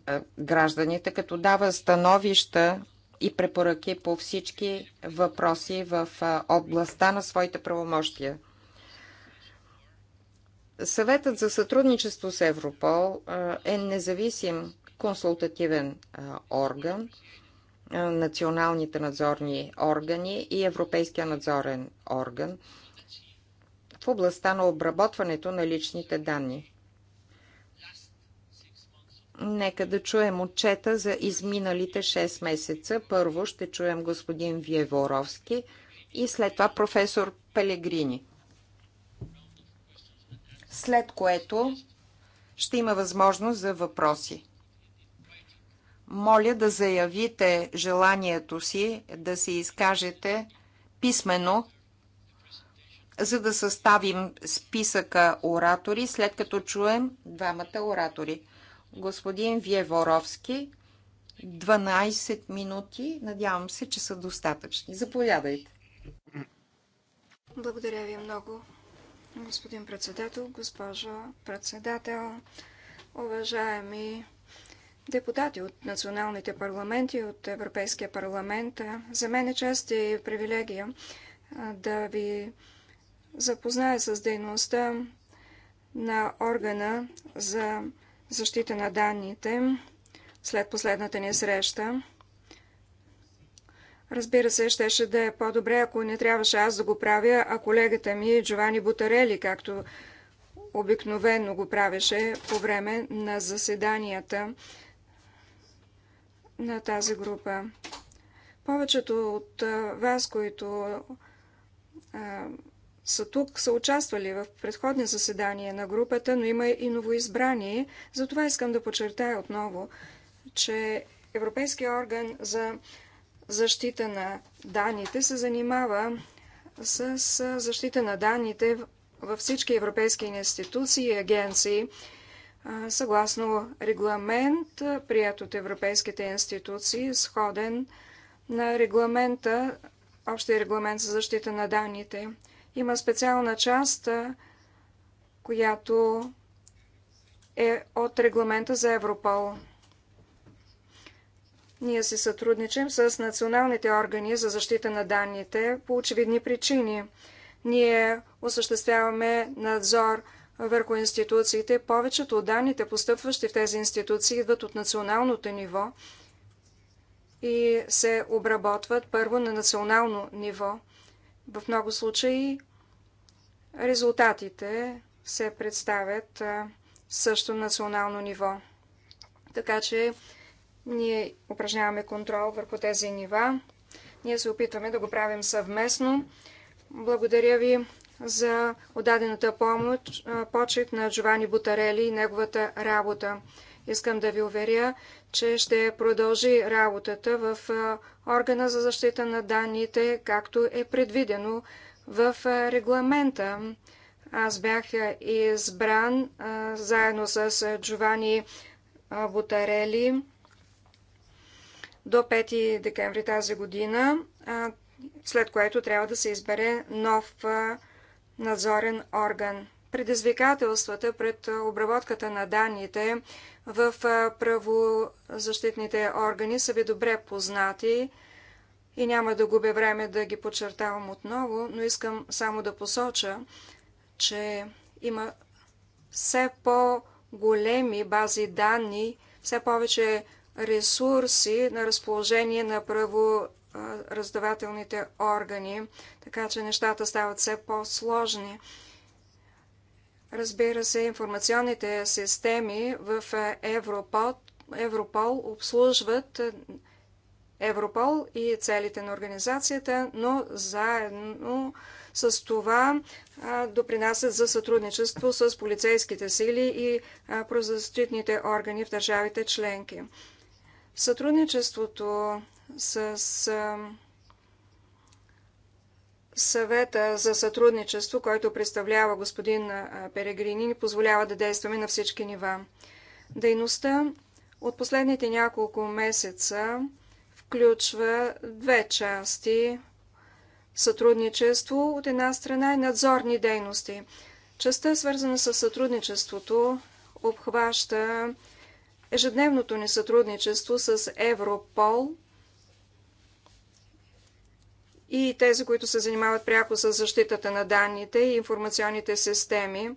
A: а, гражданите, като дава становища и препоръки по всички въпроси в а, областта на своите правомощия. Съветът за сътрудничество с Европол а, е независим консултативен а, орган е, националните надзорни органи и Европейския надзорен орган в областта на обработването на личните данни. Нека да чуем отчета за изминалите 6 месеца. Първо ще чуем господин Виеворовски и след това професор Пелегрини. След което ще има възможност за въпроси моля да заявите желанието си да се изкажете писменно, за да съставим списъка оратори, след като чуем двамата оратори. Господин Виеворовски, 12 минути, надявам се, че са достатъчни. Заповядайте.
B: Благодаря ви много, господин председател, госпожо председател, уважаеми депутати от националните парламенти от Европейския парламент. За мен е чест и привилегия да ви запозная с дейността на органа за защита на данните след последната ни среща. Разбира се, щеше да е по-добре, ако не трябваше аз да го правя, а колегата ми Джовани Бутарели, както обикновено го правеше по време на заседанията на тази група. Повечето от вас, които а, са тук, са участвали в предходни заседания на групата, но има и новоизбрани. Затова искам да подчертая отново, че Европейския орган за защита на данните се занимава с защита на данните във всички европейски институции и агенции съгласно регламент, прият от европейските институции, сходен на регламента, общия регламент за защита на данните. Има специална част, която е от регламента за Европол. Ние си сътрудничим с националните органи за защита на данните по очевидни причини. Ние осъществяваме надзор върху институциите. Повечето от данните, постъпващи в тези институции, идват от националното ниво и се обработват първо на национално ниво. В много случаи резултатите се представят също национално ниво. Така че ние упражняваме контрол върху тези нива. Ние се опитваме да го правим съвместно. Благодаря ви за отдадената помощ, почет на Джовани Бутарели и неговата работа. Искам да ви уверя, че ще продължи работата в органа за защита на данните, както е предвидено в регламента. Аз бях избран заедно с Джовани Бутарели до 5 декември тази година, след което трябва да се избере нов надзорен орган. Предизвикателствата пред обработката на данните в правозащитните органи са ви добре познати и няма да губя време да ги подчертавам отново, но искам само да посоча, че има все по-големи бази данни, все повече ресурси на разположение на право раздавателните органи, така че нещата стават все по-сложни. Разбира се, информационните системи в Европол, Европол обслужват Европол и целите на организацията, но заедно с това допринасят за сътрудничество с полицейските сили и правозащитните органи в държавите членки. Сътрудничеството с съвета за сътрудничество, който представлява господин Перегрини, ни позволява да действаме на всички нива. Дейността от последните няколко месеца включва две части сътрудничество от една страна и надзорни дейности. Частта, свързана с сътрудничеството, обхваща ежедневното ни сътрудничество с Европол – и тези, които се занимават пряко с защитата на данните и информационните системи,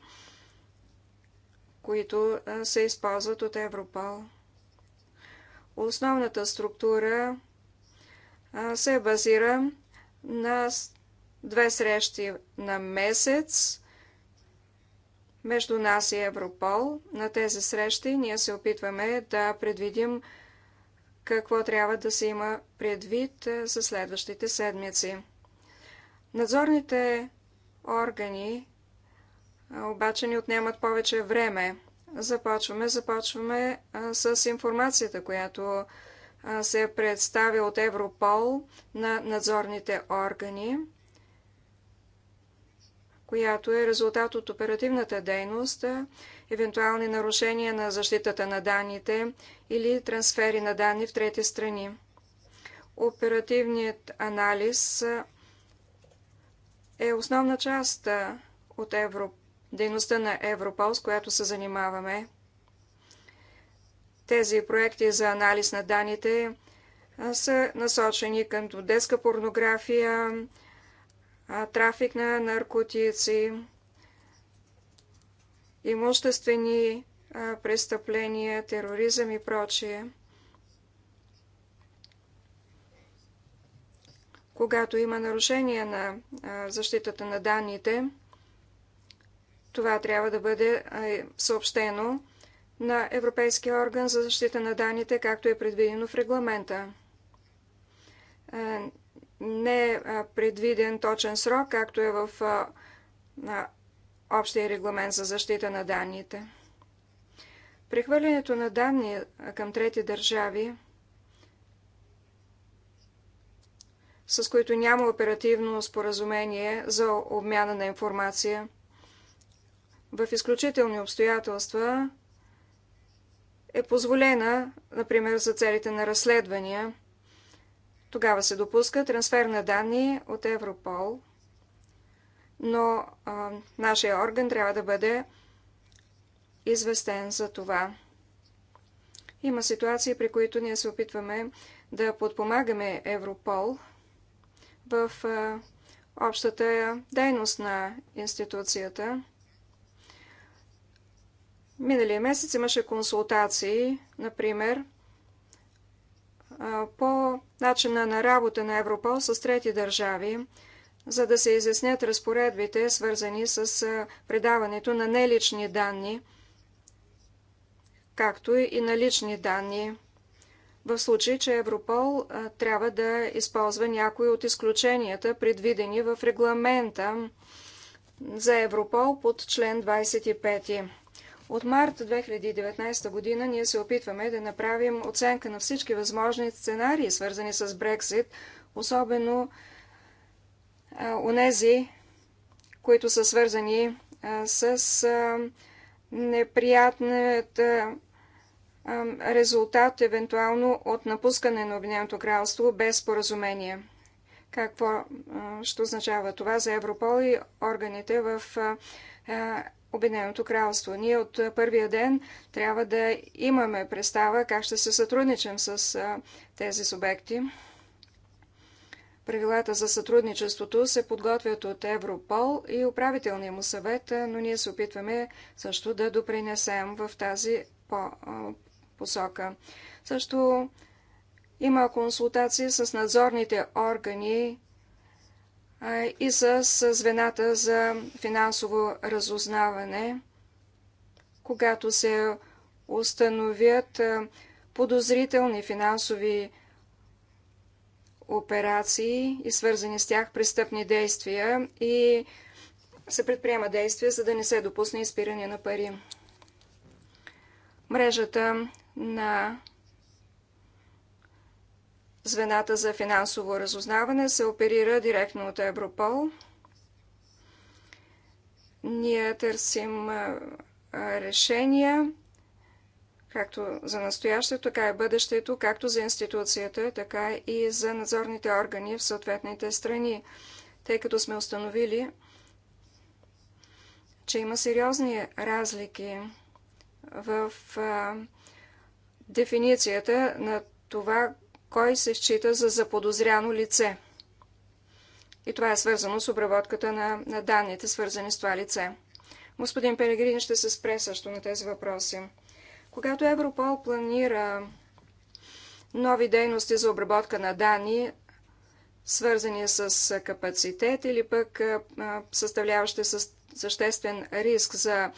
B: които се използват от Европол. Основната структура се базира на две срещи на месец между нас и Европол. На тези срещи ние се опитваме да предвидим какво трябва да се има предвид е, за следващите седмици. Надзорните органи е, обаче ни отнемат повече време. Започваме, започваме е, с информацията, която се представя от Европол на надзорните органи, която е резултат от оперативната дейност евентуални нарушения на защитата на данните или трансфери на данни в трети страни. Оперативният анализ е основна част от Евро... дейността на Европол, с която се занимаваме. Тези проекти за анализ на данните са насочени към детска порнография, трафик на наркотици, имуществени престъпления, тероризъм и прочие. Когато има нарушение на защитата на данните, това трябва да бъде е, съобщено на Европейския орган за защита на данните, както е предвидено в регламента. Не е предвиден точен срок, както е в общия регламент за защита на данните. Прехвърлянето на данни към трети държави, с които няма оперативно споразумение за обмяна на информация, в изключителни обстоятелства е позволена, например, за целите на разследвания. Тогава се допуска трансфер на данни от Европол – но а, нашия орган трябва да бъде известен за това. Има ситуации, при които ние се опитваме да подпомагаме Европол в а, общата дейност на институцията. Миналия месец имаше консултации, например, по начина на работа на Европол с трети държави за да се изяснят разпоредбите, свързани с предаването на нелични данни, както и на лични данни, в случай, че Европол трябва да използва някои от изключенията, предвидени в регламента за Европол под член 25. От март 2019 година ние се опитваме да направим оценка на всички възможни сценарии, свързани с Брексит, особено онези, които са свързани с неприятният резултат, евентуално от напускане на Обединеното кралство без споразумение. Какво ще означава това за Европол и органите в Обединеното кралство? Ние от първия ден трябва да имаме представа как ще се сътрудничим с тези субекти. Правилата за сътрудничеството се подготвят от Европол и управителния му съвет, но ние се опитваме също да допринесем в тази посока. Също има консултации с надзорните органи и с звената за финансово разузнаване, когато се установят подозрителни финансови операции и свързани с тях престъпни действия и се предприема действия, за да не се допусне изпиране на пари. Мрежата на звената за финансово разузнаване се оперира директно от Европол. Ние търсим решения както за настоящето, така и бъдещето, както за институцията, така и за надзорните органи в съответните страни, тъй като сме установили, че има сериозни разлики в а, дефиницията на това, кой се счита за заподозряно лице. И това е свързано с обработката на, на данните, свързани с това лице. Господин Пелегрин ще се спре също на тези въпроси. Когато Европол планира нови дейности за обработка на данни, свързани с капацитет или пък съставляващи съществен риск за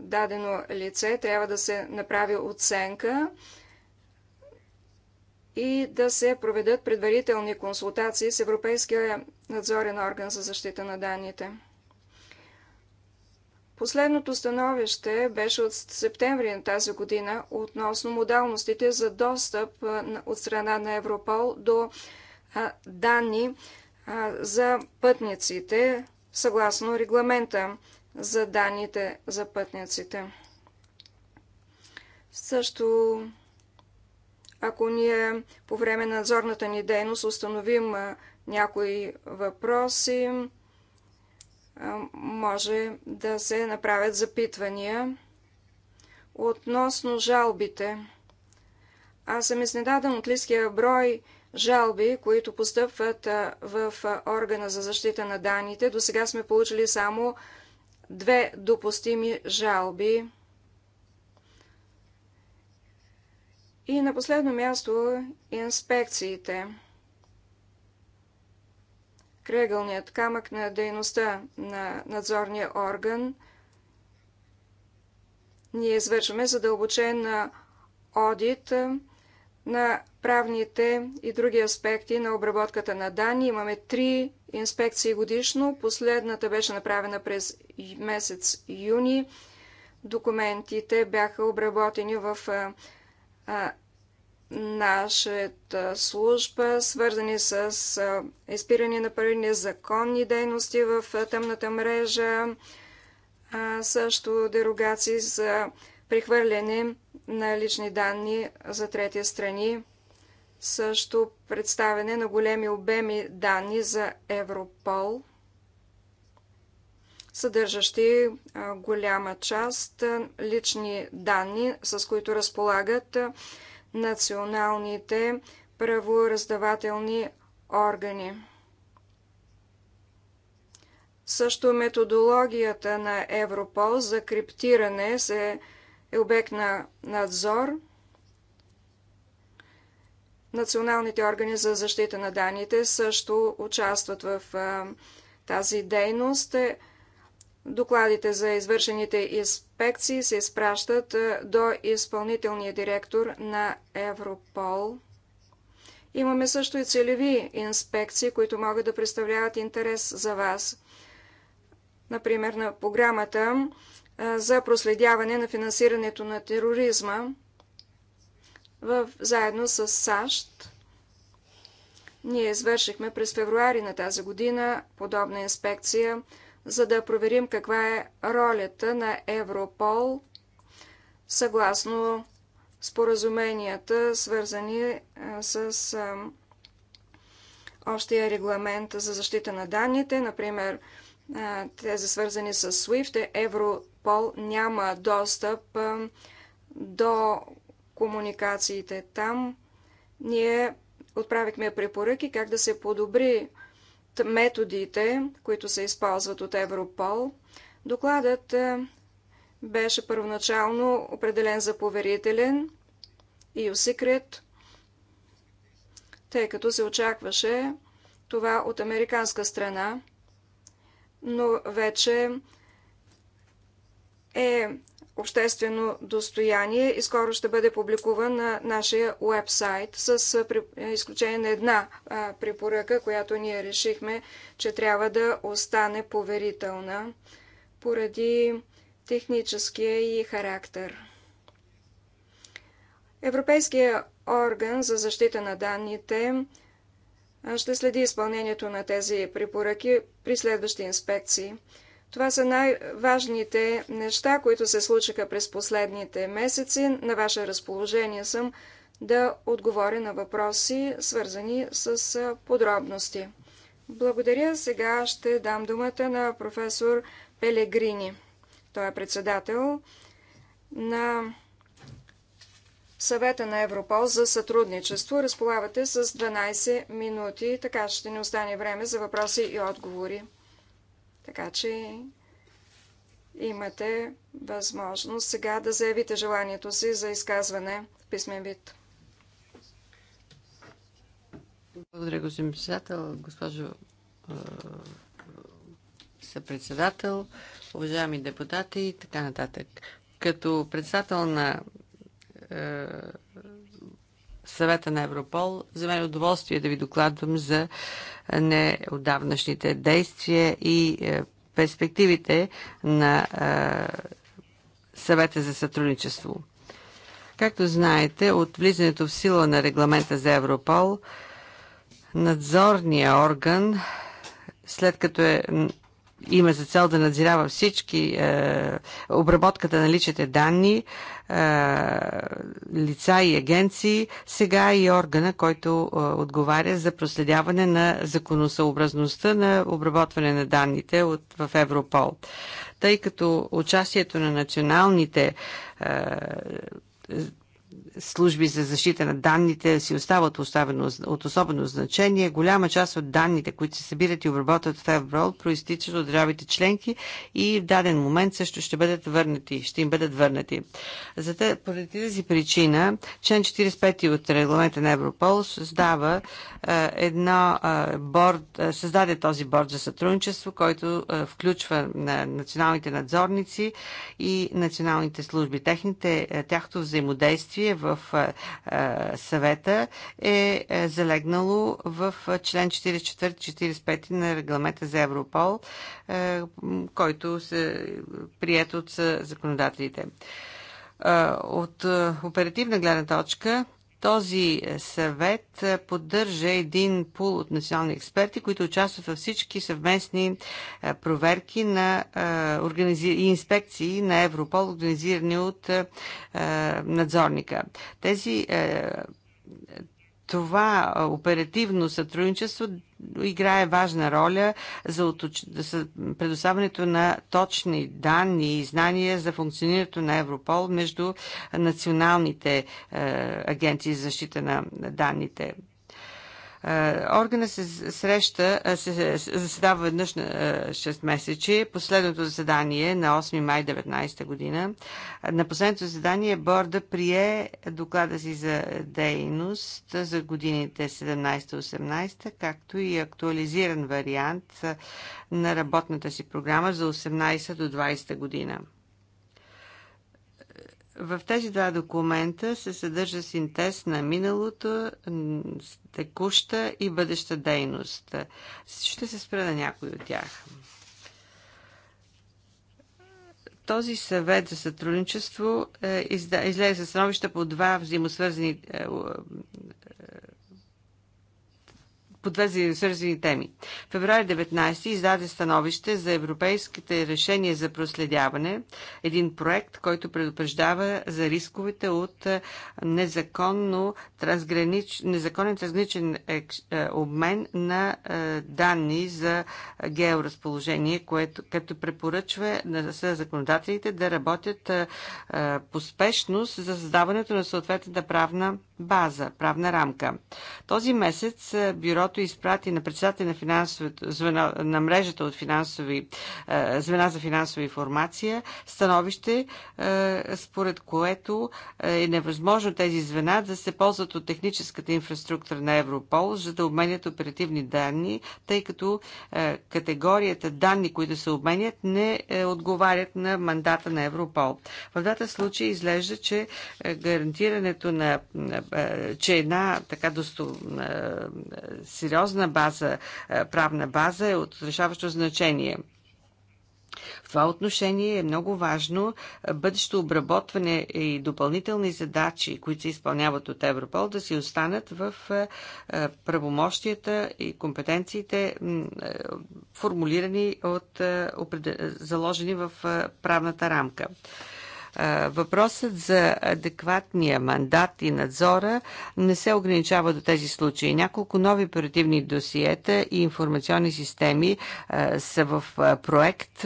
B: дадено лице, трябва да се направи оценка и да се проведат предварителни консултации с Европейския надзорен орган за защита на данните. Последното становище беше от септември на тази година относно модалностите за достъп от страна на Европол до данни за пътниците, съгласно регламента за данните за пътниците. Също, ако ние по време на надзорната ни дейност установим някои въпроси, може да се направят запитвания относно жалбите. Аз съм изнедаден от лиския брой жалби, които постъпват в органа за защита на данните. До сега сме получили само две допустими жалби. И на последно място инспекциите кръгълният камък на дейността на надзорния орган. Ние извършваме задълбочен одит на правните и други аспекти на обработката на данни. Имаме три инспекции годишно. Последната беше направена през месец юни. Документите бяха обработени в нашата служба, свързани с изпиране на пари, незаконни дейности в тъмната мрежа, също дерогации за прихвърляне на лични данни за трети страни, също представяне на големи обеми данни за Европол, съдържащи голяма част лични данни, с които разполагат националните правораздавателни органи. Също методологията на Европол за криптиране се е обект на надзор. Националните органи за защита на данните също участват в тази дейност. Докладите за извършените инспекции се изпращат е, до изпълнителния директор на Европол. Имаме също и целеви инспекции, които могат да представляват интерес за вас. Например, на програмата е, за проследяване на финансирането на тероризма в, заедно с САЩ. Ние извършихме през февруари на тази година подобна инспекция – за да проверим каква е ролята на Европол съгласно споразуменията, свързани е, с е, общия регламент за защита на данните, например е, тези свързани с SWIFT, Европол няма достъп до комуникациите там. Ние отправихме препоръки как да се подобри методите, които се използват от Европол. Докладът е, беше първоначално определен за поверителен и секрет, тъй като се очакваше това от американска страна, но вече е обществено достояние и скоро ще бъде публикуван на нашия уебсайт с е, изключение на една препоръка, която ние решихме, че трябва да остане поверителна поради техническия и характер. Европейския орган за защита на данните ще следи изпълнението на тези препоръки при следващи инспекции. Това са най-важните неща, които се случиха през последните месеци. На ваше разположение съм да отговоря на въпроси, свързани с подробности. Благодаря. Сега ще дам думата на професор Пелегрини. Той е председател на съвета на Европол за сътрудничество. Разполагате с 12 минути, така ще ни остане време за въпроси и отговори. Така че имате възможност сега да заявите желанието си за изказване в писмен вид.
C: Благодаря, господин председател, госпожо е, съпредседател, уважаеми депутати и така нататък. Като председател на е, съвета на Европол. За мен е удоволствие да ви докладвам за неодавнашните действия и е, перспективите на е, съвета за сътрудничество. Както знаете, от влизането в сила на регламента за Европол, надзорния орган, след като е има за цел да надзирава всички е, обработката на личните данни, е, лица и агенции, сега и органа, който е, отговаря за проследяване на законосъобразността на обработване на данните от, в Европол. Тъй като участието на националните е, служби за защита на данните си остават оставено, от особено значение. Голяма част от данните, които се събират и обработват в Еврол, проистичат от държавите членки и в даден момент също ще бъдат върнати, ще им бъдат върнати. За да, поради тази причина, член 45 от регламента на Европол създава е, едно е, борд, е, създаде този борд за сътрудничество, който е, включва на националните надзорници и националните служби. Техните, е, тяхното взаимодействие в съвета е, е залегнало в член 44-45 на регламента за Европол, е, който се прият от законодателите. Е, от оперативна гледна точка този е, съвет е, поддържа един пул от национални експерти, които участват във всички съвместни е, проверки на организи... инспекции на Европол, организирани от надзорника. Тези това оперативно сътрудничество играе важна роля за предоставянето на точни данни и знания за функционирането на Европол между националните агенции за защита на данните Органа се среща, се заседава веднъж на 6 месечи. Последното заседание е на 8 май 19 година. На последното заседание Борда прие доклада си за дейност за годините 17-18, както и актуализиран вариант на работната си програма за 18 до 20 година. В тези два документа се съдържа синтез на миналото, текуща и бъдеща дейност. Ще се спра на някой от тях. Този съвет за сътрудничество е, излезе становища по два взаимосвързани е, е, по две взаимосвързани теми. Феврари 19 издаде становище за европейските решения за проследяване, един проект, който предупреждава за рисковете от незаконно трансгранич, незаконен трансграничен е, е, обмен на е, данни за георазположение, което като препоръчва на законодателите да работят по спешност за създаването на съответната правна база, правна рамка. Този месец е, бюрото е изпрати на председател на, на мрежата от финансови, е, звена за финансова информация становище, според което е невъзможно тези звена да се ползват от техническата инфраструктура на Европол, за да обменят оперативни данни, тъй като категорията данни, които се обменят, не отговарят на мандата на Европол. В двата случая изглежда, че гарантирането на е, че една така досто, е, сериозна база, е, правна база е от решаващо значение. В това отношение е много важно бъдещо обработване и допълнителни задачи, които се изпълняват от Европол, да си останат в правомощията и компетенциите, формулирани от, заложени в правната рамка. Въпросът за адекватния мандат и надзора не се ограничава до тези случаи. Няколко нови оперативни досиета и информационни системи са в проект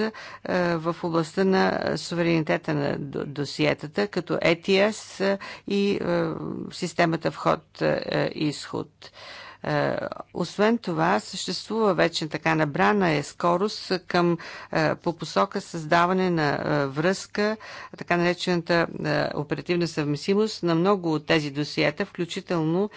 C: в областта на суверенитета на досиетата, като ETS е и системата вход-изход. Е, освен това, съществува вече така набрана е скорост към, е, по посока създаване на е, връзка, така наречената оперативна съвместимост на много от тези досиета, включително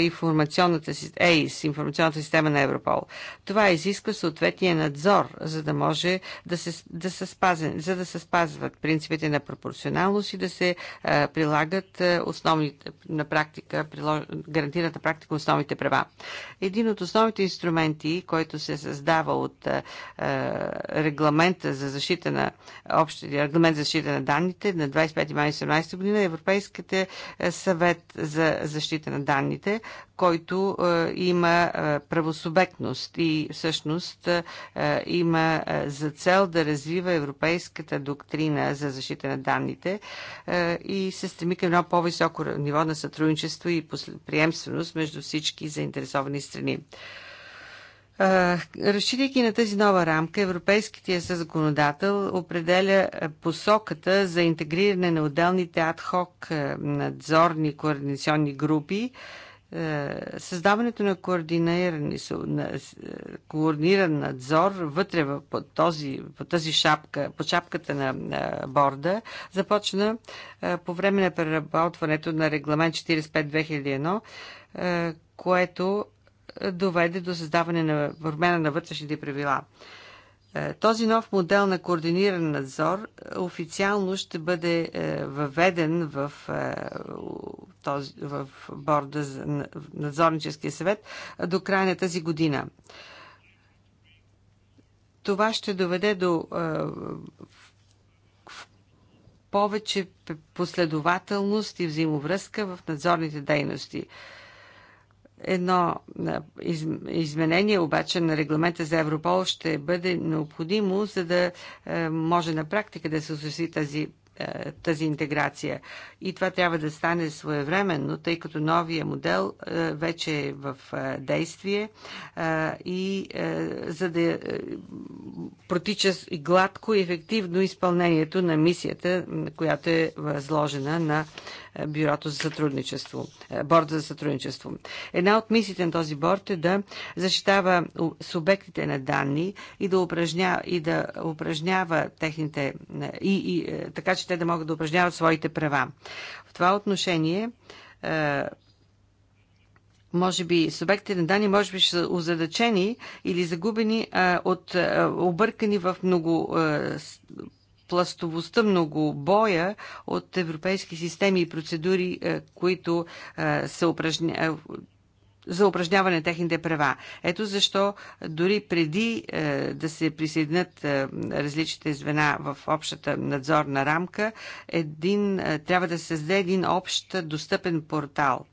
C: информационната, ЕИС, информационната система на Европол. Това изисква съответния надзор, за да може да се, да се, спазен, за да се спазват принципите на пропорционалност и да се прилагат основните, на практика, гарантираната практика основните права. Един от основните инструменти, който се създава от е, е регламента за защита на общия регламент за защита на данните на 25 май 2017 година е Европейската е, съвет за защита на данните, който е, има е, правосубектност и всъщност е, има за цел да развива европейската доктрина за защита на данните е, и се стреми към едно по-високо ниво на сътрудничество и приемственост между всички за заинтересовани страни. Разчитайки на тази нова рамка, европейският законодател определя посоката за интегриране на отделните адхок надзорни координационни групи, създаването на координиран, координиран надзор вътре по, този, по тази шапка, по шапката на борда започна по време на преработването на регламент 45-2001 което е, доведе до създаване на промяна на вътрешните правила. Е, този нов модел на координиран надзор е, официално ще бъде въведен в, този, в борда за надзорническия съвет до края на тази година. Това ще доведе до повече последователност и взаимовръзка в надзорните дейности. Едно изменение обаче на регламента за Европол ще бъде необходимо, за да може на практика да се осъществи тази тази интеграция. И това трябва да стане своевременно, тъй като новия модел вече е в действие и за да протича и гладко и ефективно изпълнението на мисията, която е възложена на бюрото за сътрудничество, е, борда за сътрудничество. Една от мисиите на този борд е да защитава субектите на данни и да упражнява, и да упражнява техните, е, и, и, е, така че те да могат да упражняват своите права. В това отношение може би субектите на данни може би са озадачени или загубени а, от а, объркани в много а, пластовостта, многобоя от европейски системи и процедури, е, които е, се упражняват е, за упражняване на техните права. Ето защо дори преди е, да се присъединят е, различните звена в общата надзорна рамка, един, е, трябва да се създаде един общ достъпен портал.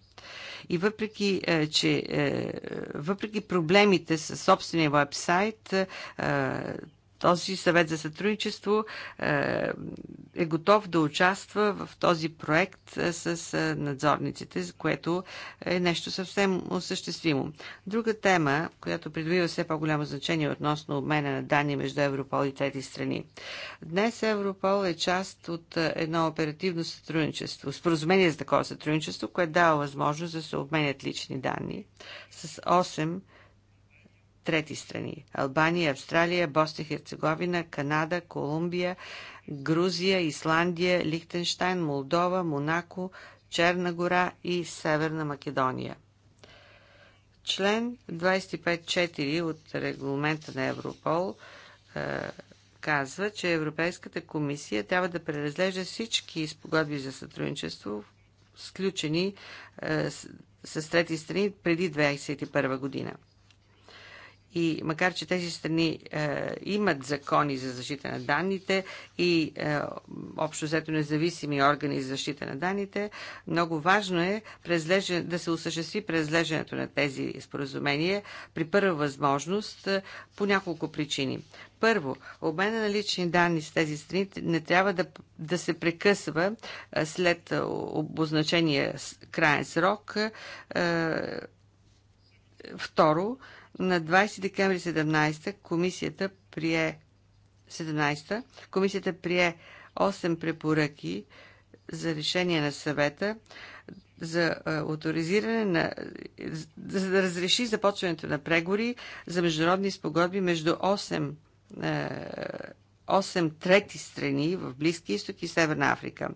C: И въпреки, е, че е, въпреки проблемите с собствения вебсайт, е, този съвет за сътрудничество е, е готов да участва в този проект е, с е, надзорниците, което е нещо съвсем осъществимо. Друга тема, която придобива все по-голямо значение относно обмена на данни между Европол и трети страни. Днес Европол е част от едно оперативно сътрудничество, споразумение за такова сътрудничество, което дава възможност да се обменят лични данни с 8 трети страни Албания, Австралия, Босна и Херцеговина, Канада, Колумбия, Грузия, Исландия, Лихтенштайн, Молдова, Монако, Черна гора и Северна Македония. Член 25.4 от регламента на Европол е, казва, че Европейската комисия трябва да преразглежда всички спогодби за сътрудничество, сключени е, с, с трети страни преди 2021 година. И макар, че тези страни е, имат закони за защита на данните и е, общо взето независими органи за защита на данните, много важно е презлежен, да се осъществи презлежането на тези споразумения при първа възможност е, по няколко причини. Първо, обмена на лични данни с тези страни не трябва да, да се прекъсва е, след е, обозначения краен срок. Е, е второ, на 20 декември 17 комисията прие 17 комисията прие 8 препоръки за решение на съвета за авторизиране на за да разреши започването на преговори за международни спогодби между 8 е, 8 трети страни в Близки изток и Северна Африка.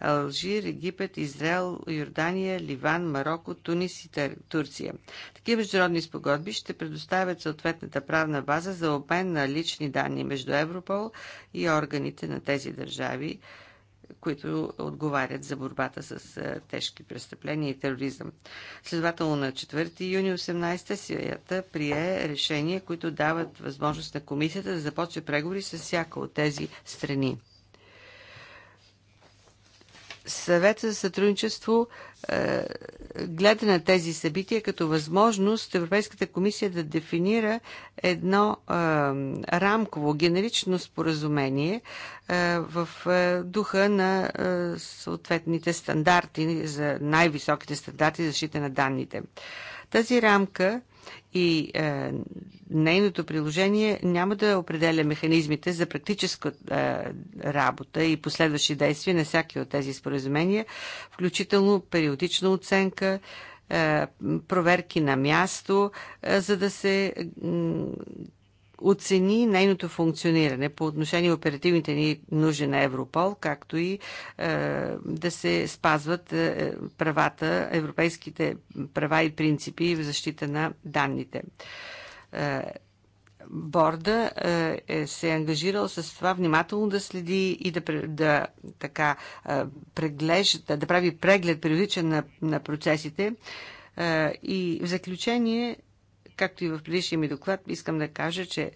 C: Алжир, Египет, Израел, Йордания, Ливан, Марокко, Тунис и Турция. Такива международни спогодби ще предоставят съответната правна база за обмен на лични данни между Европол и органите на тези държави които отговарят за борбата с тежки престъпления и тероризъм. Следователно на 4 юни 18 Сирията прие решения, които дават възможност на комисията да започне преговори с всяка от тези страни. Съвет за сътрудничество е, гледа на тези събития като възможност Европейската комисия да дефинира едно е, рамково, генерично споразумение е, в духа на съответните стандарти, за най-високите стандарти за защита на данните. Тази рамка и е, нейното приложение няма да определя механизмите за практическа е, работа и последващи действия на всяки от тези споразумения, включително периодична оценка, е, проверки на място, е, за да се оцени нейното функциониране по отношение оперативните ни нужди на Европол, както и е, да се спазват е, правата, европейските права и принципи в защита на данните. Е, борда е, е се е ангажирал с това внимателно да следи и да, да така е, преглежда, да прави преглед периодичен на, на процесите. Е, и в заключение Както и в предишния ми доклад, искам да кажа, че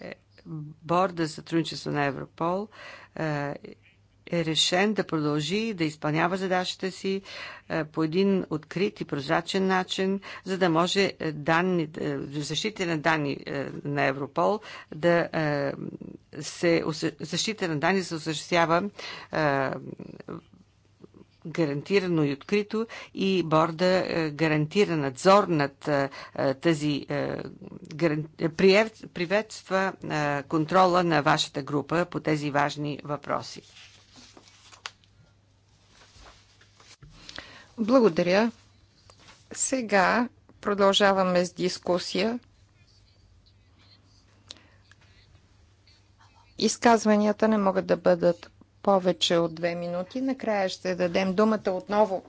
C: борда за сътрудничество на Европол е, е решен да продължи да изпълнява задачите си е, по един открит и прозрачен начин, за да може е, данни, защита на данни на Европол да се защита на данни се осъществява гарантирано и открито и борда е, гарантира надзор над е, е, тази приветства контрола на вашата група по тези важни въпроси.
A: Благодаря. Сега продължаваме с дискусия. Изказванията не могат да бъдат повече от две минути. Накрая ще дадем думата отново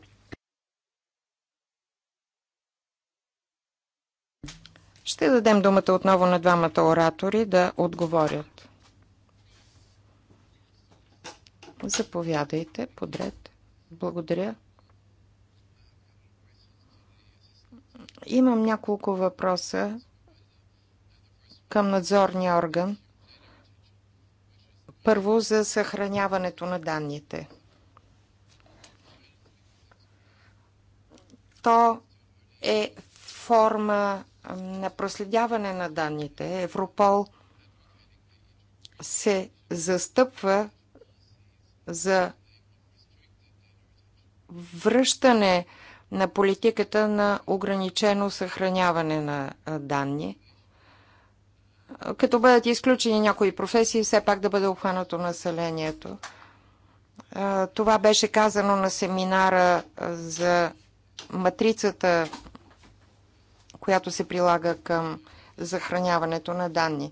A: Ще дадем думата отново на двамата оратори да отговорят. Заповядайте подред. Благодаря. Имам няколко въпроса към надзорния орган. Първо за съхраняването на данните. То е форма на проследяване на данните. Европол се застъпва за връщане на политиката на ограничено съхраняване на данни като бъдат изключени някои професии, все пак да бъде обхванато населението. Това беше казано на семинара за матрицата, която се прилага към захраняването на данни.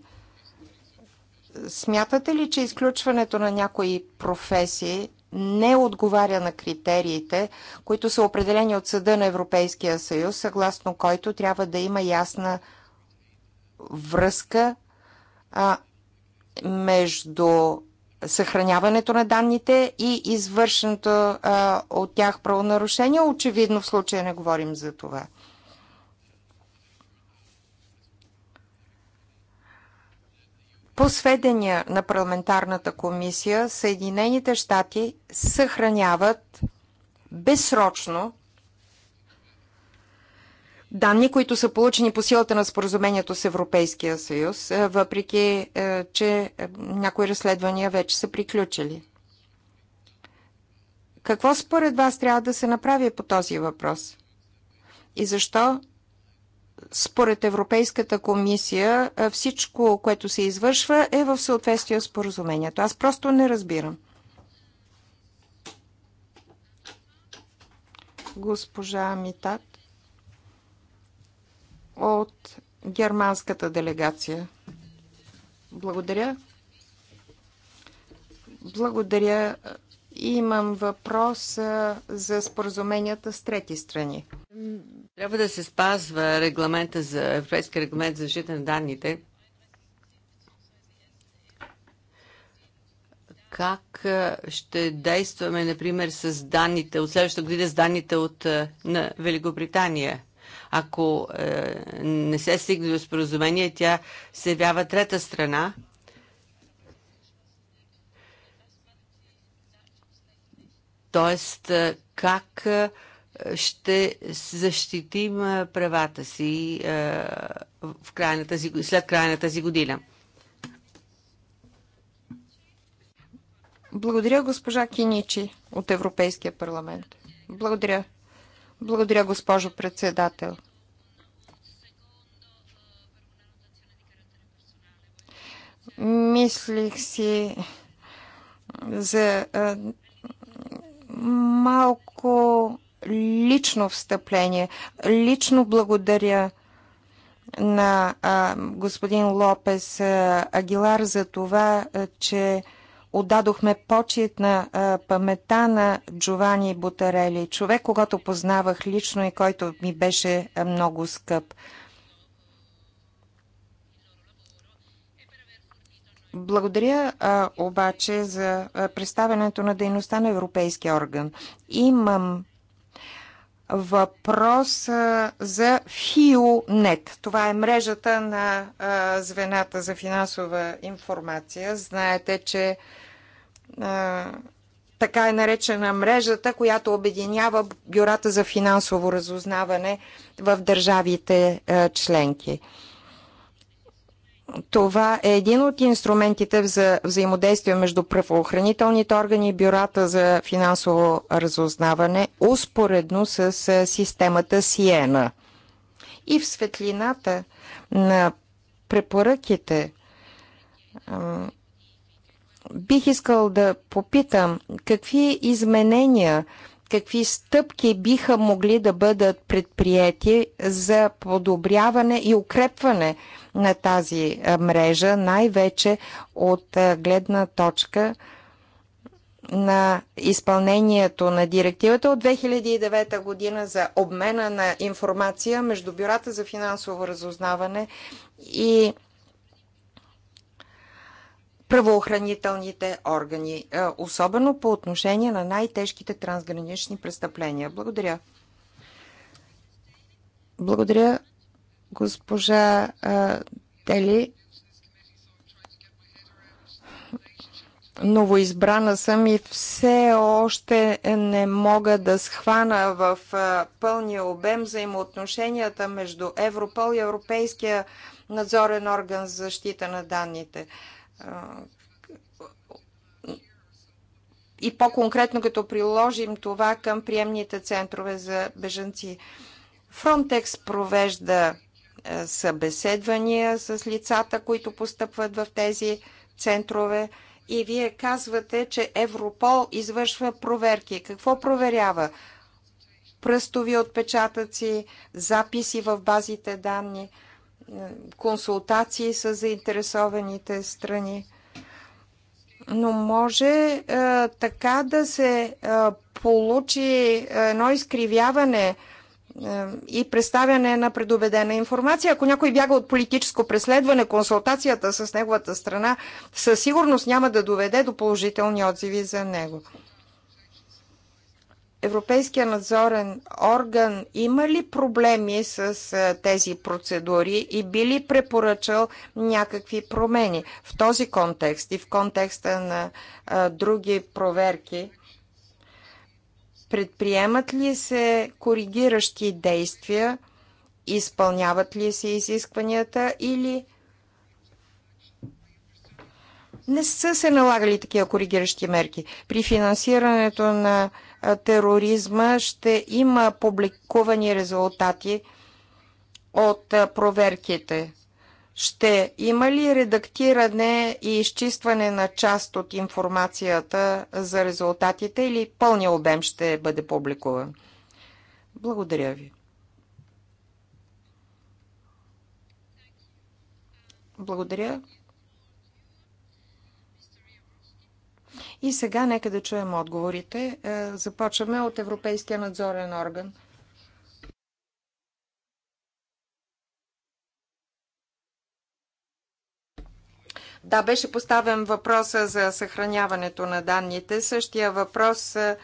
A: Смятате ли, че изключването на някои професии не отговаря на критериите, които са определени от Съда на Европейския съюз, съгласно който трябва да има ясна връзка а, между съхраняването на данните и извършеното а, от тях правонарушение. Очевидно в случая не говорим за това. По сведения на парламентарната комисия, Съединените щати съхраняват безсрочно данни, които са получени по силата на споразумението с Европейския съюз, е, въпреки е, че е, някои разследвания вече са приключили. Какво според вас трябва да се направи по този въпрос? И защо според Европейската комисия всичко, което се извършва, е в съответствие с поразумението? Аз просто не разбирам. Госпожа Митак от германската делегация. Благодаря. Благодаря. Имам въпрос за споразуменията с трети страни.
C: Трябва да се спазва регламента за Европейски регламент за защита на данните. Как ще действаме, например, с данните от следващата година с данните от на Великобритания? Ако е, не се стигне до споразумение, тя се явява трета страна. Тоест, е, как е, ще защитим е, правата си е, в края на тази, след края на тази година? Благодаря, госпожа Киничи
A: от Европейския парламент. Благодаря, благодаря, госпожо председател. Мислих си за а, малко лично встъпление. Лично благодаря на а, господин Лопес а, Агилар за това, а, че а, отдадохме почет на а, памета на Джовани Бутарели, човек, когато познавах лично и който ми беше много скъп. Благодаря а, обаче за представянето на дейността на Европейския орган. Имам въпрос за FIUNET. Това е мрежата на звената за финансова информация. Знаете, че така е наречена мрежата, която обединява бюрата за финансово разузнаване в държавите членки. Това е един от инструментите за взаимодействие между правоохранителните органи и бюрата за финансово разузнаване, успоредно с системата Сиена. И в светлината на препоръките бих искал да попитам какви изменения какви стъпки биха могли да бъдат предприяти за подобряване и укрепване на тази мрежа, най-вече от гледна точка на изпълнението на директивата от 2009 година за обмена на информация между бюрата за финансово разузнаване и правоохранителните органи, е, особено по отношение на най-тежките трансгранични престъпления. Благодаря. Благодаря, госпожа е, Тели. новоизбрана съм и все още не мога да схвана в е, пълния обем взаимоотношенията между Европол и Европейския надзорен орган за защита на данните и по-конкретно като приложим това към приемните центрове за бежанци. Фронтекс провежда е, събеседвания с лицата, които постъпват в тези центрове. И вие казвате, че Европол извършва проверки. Какво проверява? Пръстови отпечатъци, записи в базите данни консултации с заинтересованите страни. Но може е, така да се е, получи едно изкривяване е, и представяне на предубедена информация. Ако някой бяга от политическо преследване, консултацията с неговата страна със сигурност няма да доведе до положителни отзиви за него. Европейския надзорен орган има ли проблеми с тези процедури и би ли препоръчал някакви промени в този контекст и в контекста на а, други проверки? Предприемат ли се коригиращи действия? Изпълняват ли се изискванията или не са се налагали такива коригиращи мерки? При финансирането на тероризма ще има публикувани резултати от проверките. Ще има ли редактиране и изчистване на част от информацията за резултатите или пълния обем ще бъде публикуван? Благодаря ви. Благодаря. И сега нека да чуем отговорите. Е, започваме от Европейския надзорен орган. Да, беше поставен въпроса за съхраняването на данните. Същия въпрос е,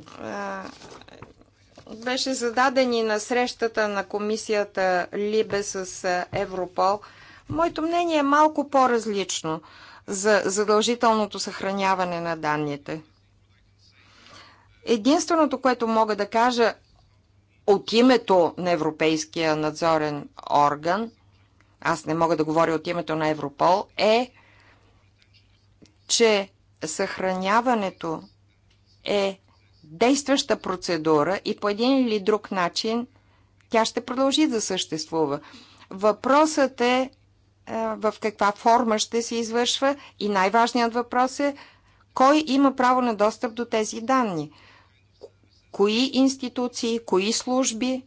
A: е, беше зададен и на срещата на комисията Либе с Европол. Моето мнение е малко по-различно за задължителното съхраняване на данните. Единственото, което мога да кажа от името на Европейския надзорен орган, аз не мога да говоря от името на Европол, е, че съхраняването е действаща процедура и по един или друг начин тя ще продължи да съществува. Въпросът е е, в каква форма ще се извършва и най-важният въпрос е кой има право на достъп до тези данни. Кои институции, кои служби,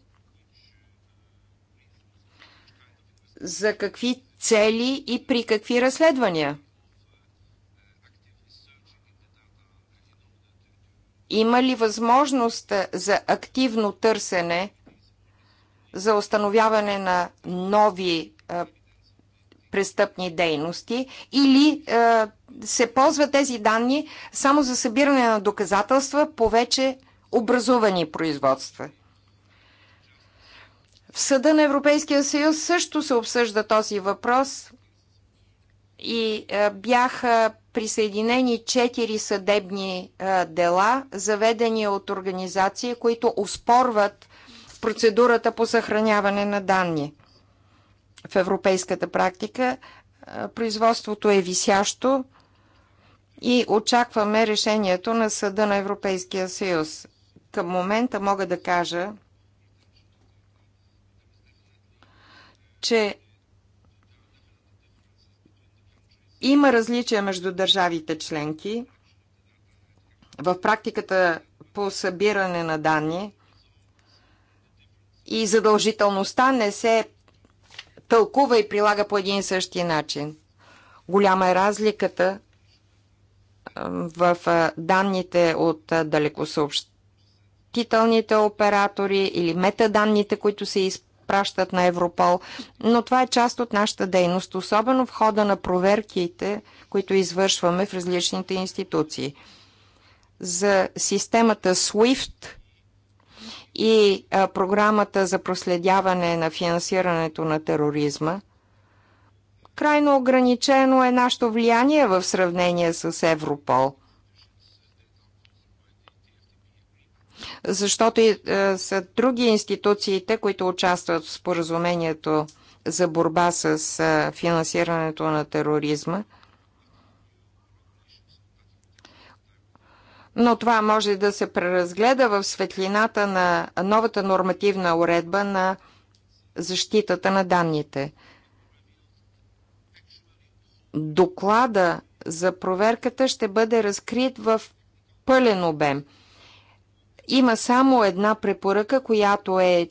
A: за какви цели и при какви разследвания. Има ли възможност за активно търсене, за установяване на нови е, престъпни дейности или е, се ползват тези данни само за събиране на доказателства по вече образувани производства. В Съда на Европейския съюз също се обсъжда този въпрос и е, бяха присъединени четири съдебни е, дела, заведени от организации, които оспорват процедурата по съхраняване на данни в европейската практика. Производството е висящо и очакваме решението на Съда на Европейския съюз. Към момента мога да кажа, че има различия между държавите членки в практиката по събиране на данни и задължителността не се тълкува и прилага по един и същи начин. Голяма е разликата в данните от далекосъобщителните оператори или метаданните, които се изпращат на Европол, но това е част от нашата дейност, особено в хода на проверките, които извършваме в различните институции. За системата SWIFT – и а, програмата за проследяване на финансирането на тероризма. Крайно ограничено е нашето влияние в сравнение с Европол. Защото и, а, са други институциите, които участват в споразумението за борба с а, финансирането на тероризма – но това може да се преразгледа в светлината на новата нормативна уредба на защитата на данните. Доклада за проверката ще бъде разкрит в пълен обем. Има само една препоръка, която е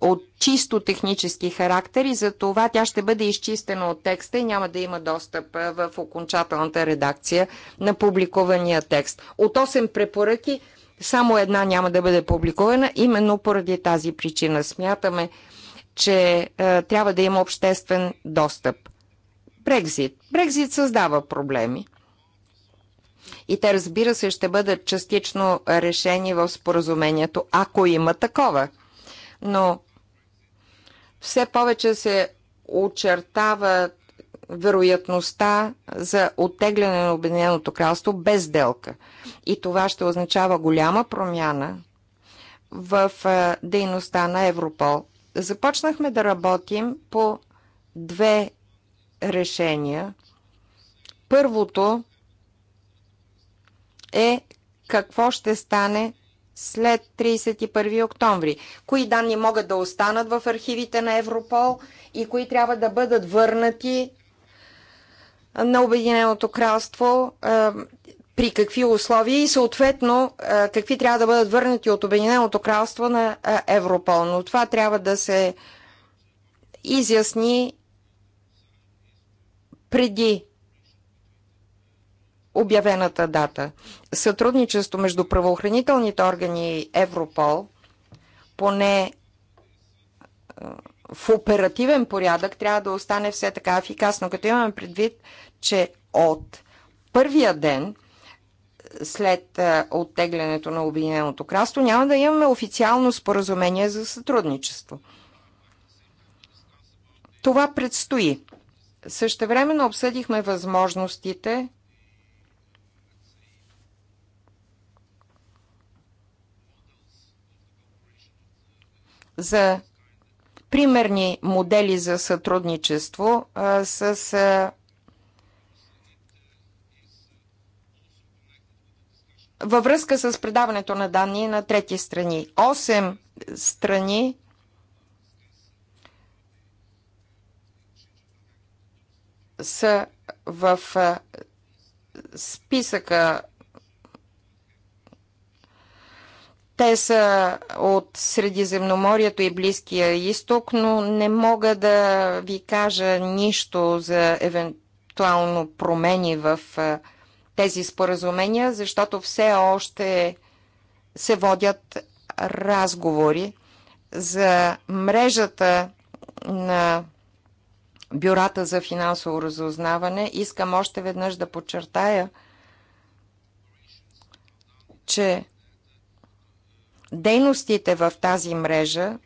A: от чисто технически характер и за това тя ще бъде изчистена от текста и няма да има достъп в окончателната редакция на публикувания текст. От 8 препоръки само една няма да бъде публикувана. Именно поради тази причина смятаме, че е, трябва да има обществен достъп. Брекзит. Брекзит създава проблеми. И те, разбира се, ще бъдат частично решени в споразумението, ако има такова. Но все повече се очертава вероятността за оттегляне на Обединеното кралство без делка. И това ще означава голяма промяна в дейността на Европол. Започнахме да работим по две решения. Първото е какво ще стане след 31 октомври. Кои данни могат да останат в архивите на Европол и кои трябва да бъдат върнати на Обединеното кралство, при какви условия и съответно какви трябва да бъдат върнати от Обединеното кралство на Европол. Но това трябва да се изясни преди обявената дата. Сътрудничество между правоохранителните органи и Европол, поне е, в оперативен порядък, трябва да остане все така ефикасно, като имаме предвид, че от първия ден след е, оттеглянето на Обединеното кралство няма да имаме официално споразумение за сътрудничество. Това предстои. Същевременно обсъдихме възможностите за примерни модели за сътрудничество а, с а, във връзка с предаването на данни на трети страни. Осем страни са в списъка Те са от Средиземноморието и Близкия изток, но не мога да ви кажа нищо за евентуално промени в тези споразумения, защото все още се водят разговори за мрежата на бюрата за финансово разузнаване. Искам още веднъж да подчертая, че дейностите в тази мрежа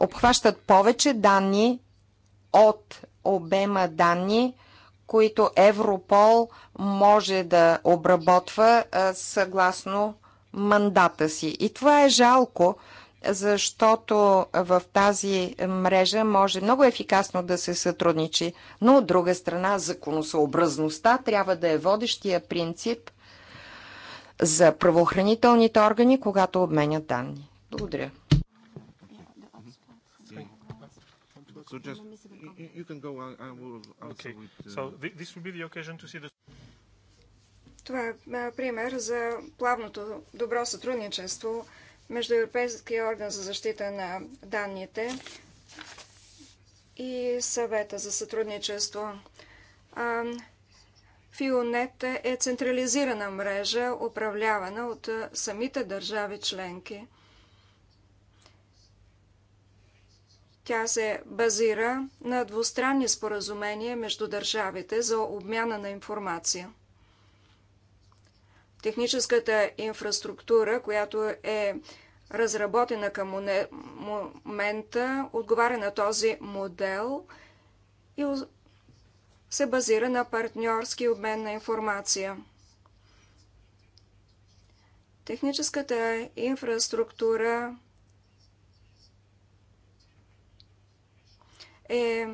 A: обхващат повече данни от обема данни, които Европол може да обработва съгласно мандата си. И това е жалко, защото в тази мрежа може много ефикасно да се сътрудничи, но от друга страна законосъобразността трябва да е водещия принцип за правоохранителните органи, когато обменят данни. Благодаря.
B: Това е, е пример за плавното добро сътрудничество между Европейския орган за защита на данните и съвета за сътрудничество. Фионет е централизирана мрежа, управлявана от самите държави членки. Тя се базира на двустранни споразумения между държавите за обмяна на информация. Техническата инфраструктура, която е разработена към момента, отговаря на този модел и се базира на партньорски обмен на информация. Техническата инфраструктура е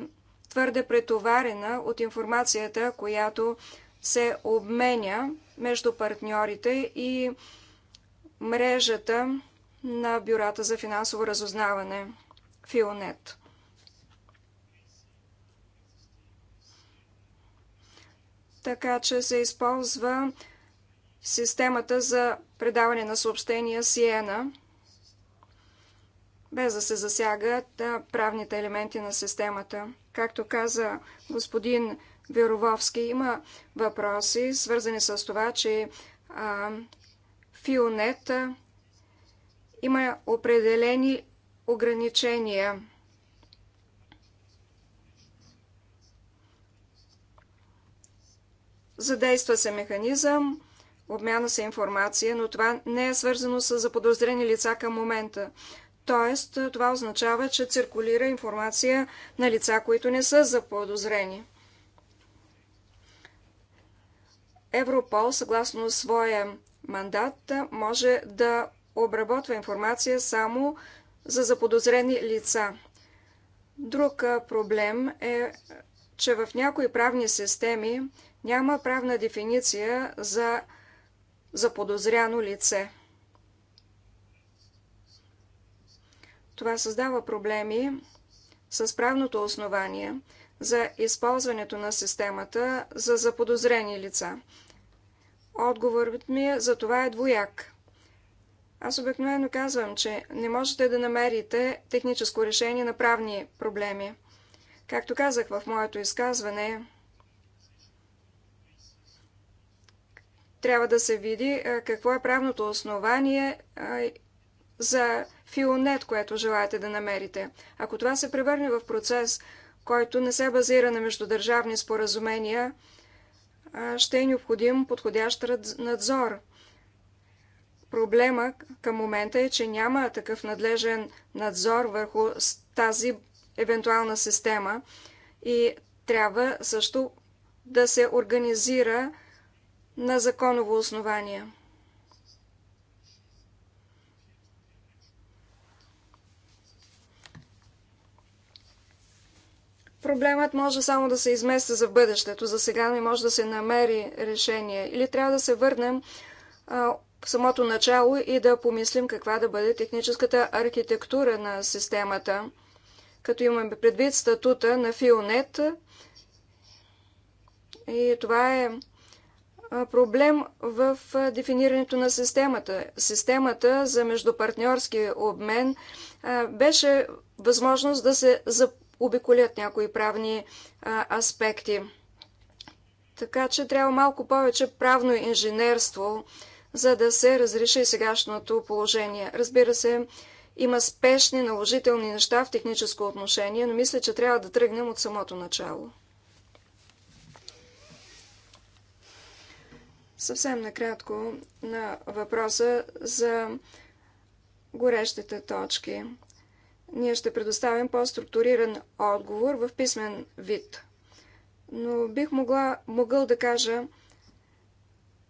B: твърде претоварена от информацията, която се обменя между партньорите и мрежата на бюрата за финансово разузнаване – Филнет. така че се използва системата за предаване на съобщения Сиена, без да се засягат правните елементи на системата. Както каза господин Верововски, има въпроси, свързани с това, че Фионет има определени ограничения – Задейства се механизъм, обмяна се информация, но това не е свързано с заподозрени лица към момента. Тоест, това означава, че циркулира информация на лица, които не са заподозрени. Европол, съгласно своя мандат, може да обработва информация само за заподозрени лица. Друг проблем е, че в някои правни системи няма правна дефиниция за заподозряно лице. Това създава проблеми с правното основание за използването на системата за заподозрени лица. Отговорът ми е, за това е двояк. Аз обикновено казвам, че не можете да намерите техническо решение на правни проблеми. Както казах в моето изказване, трябва да се види какво е правното основание за филонет, което желаете да намерите. Ако това се превърне в процес, който не се базира на междудържавни споразумения, ще е необходим подходящ надзор. Проблема към момента е, че няма такъв надлежен надзор върху тази евентуална система и трябва също да се организира на законово основание. Проблемът може само да се измести за бъдещето. За сега не може да се намери решение. Или трябва да се върнем а, в самото начало и да помислим каква да бъде техническата архитектура на системата. Като имаме предвид статута на Фионет, и това е проблем в дефинирането на системата. Системата за междупартньорски обмен беше възможност да се обиколят някои правни аспекти. Така че трябва малко повече правно инженерство, за да се разреши сегашното положение. Разбира се, има спешни, наложителни неща в техническо отношение, но мисля, че трябва да тръгнем от самото начало. Съвсем накратко на въпроса за горещите точки. Ние ще предоставим по-структуриран отговор в писмен вид. Но бих могла, могъл да кажа,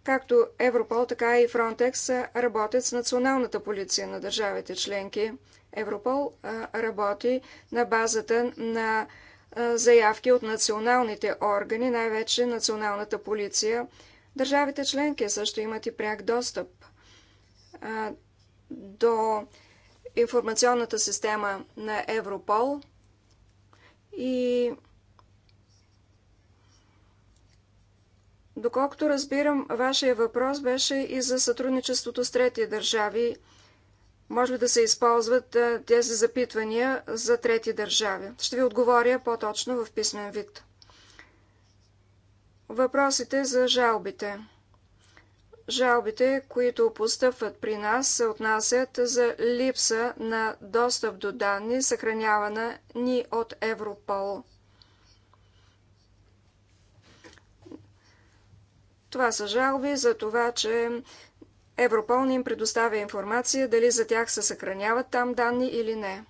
B: както Европол, така и Фронтекс работят с националната полиция на държавите членки. Европол работи на базата на заявки от националните органи, най-вече националната полиция. Държавите членки също имат и пряк достъп а, до информационната система на Европол и доколкото разбирам, вашия въпрос беше и за сътрудничеството с трети държави. Може ли да се използват тези запитвания за трети държави? Ще ви отговоря по-точно в писмен вид. Въпросите за жалбите. Жалбите, които постъпват при нас, се отнасят за липса на достъп до данни, съхранявана ни от Европол. Това са жалби за това, че Европол не им предоставя информация дали за тях се съхраняват там данни или не.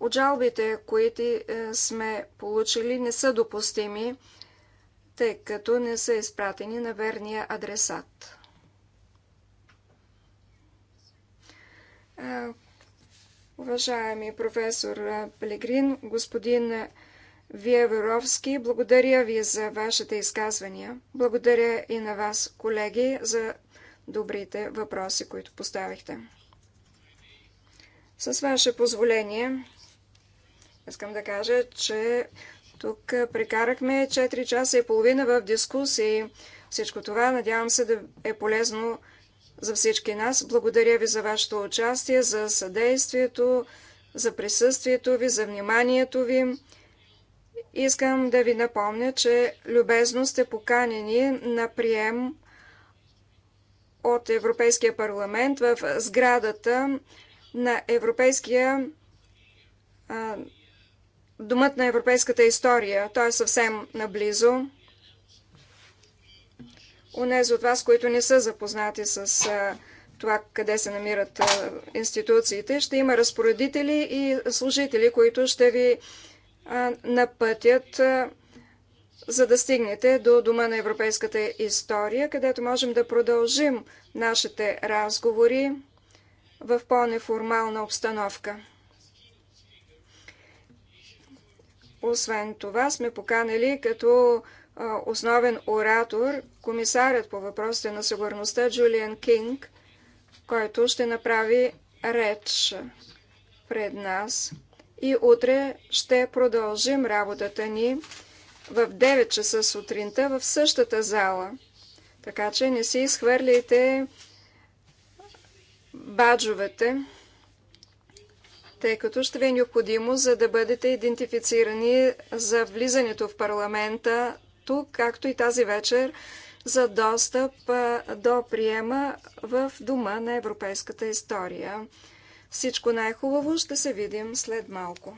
B: От жалбите, които е, сме получили, не са допустими, тъй като не са изпратени на верния адресат. Уважаеми професор Пелегрин, господин Виеверовски, благодаря ви за вашите изказвания. Благодаря и на вас, колеги, за добрите въпроси, които поставихте. С ваше позволение, искам да кажа, че тук прекарахме 4 часа и половина в дискусии. Всичко това надявам се да е полезно за всички нас. Благодаря ви за вашето участие, за съдействието, за присъствието ви, за вниманието ви. Искам да ви напомня, че любезно сте поканени на прием от Европейския парламент в сградата на Европейския Думът на европейската история. Той е съвсем наблизо. Унези от вас, които не са запознати с това къде се намират институциите, ще има разпоредители и служители, които ще ви напътят, за да стигнете до Дома на европейската история, където можем да продължим нашите разговори в по-неформална обстановка. Освен това сме поканали като основен оратор комисарят по въпросите на сигурността Джулиан Кинг, който ще направи реч пред нас. И утре ще продължим работата ни в 9 часа сутринта в същата зала. Така че не си изхвърляйте баджовете тъй като ще ви е необходимо, за да бъдете идентифицирани за влизането в парламента тук, както и тази вечер за достъп до приема в Дома на европейската история. Всичко най-хубаво ще се видим след малко.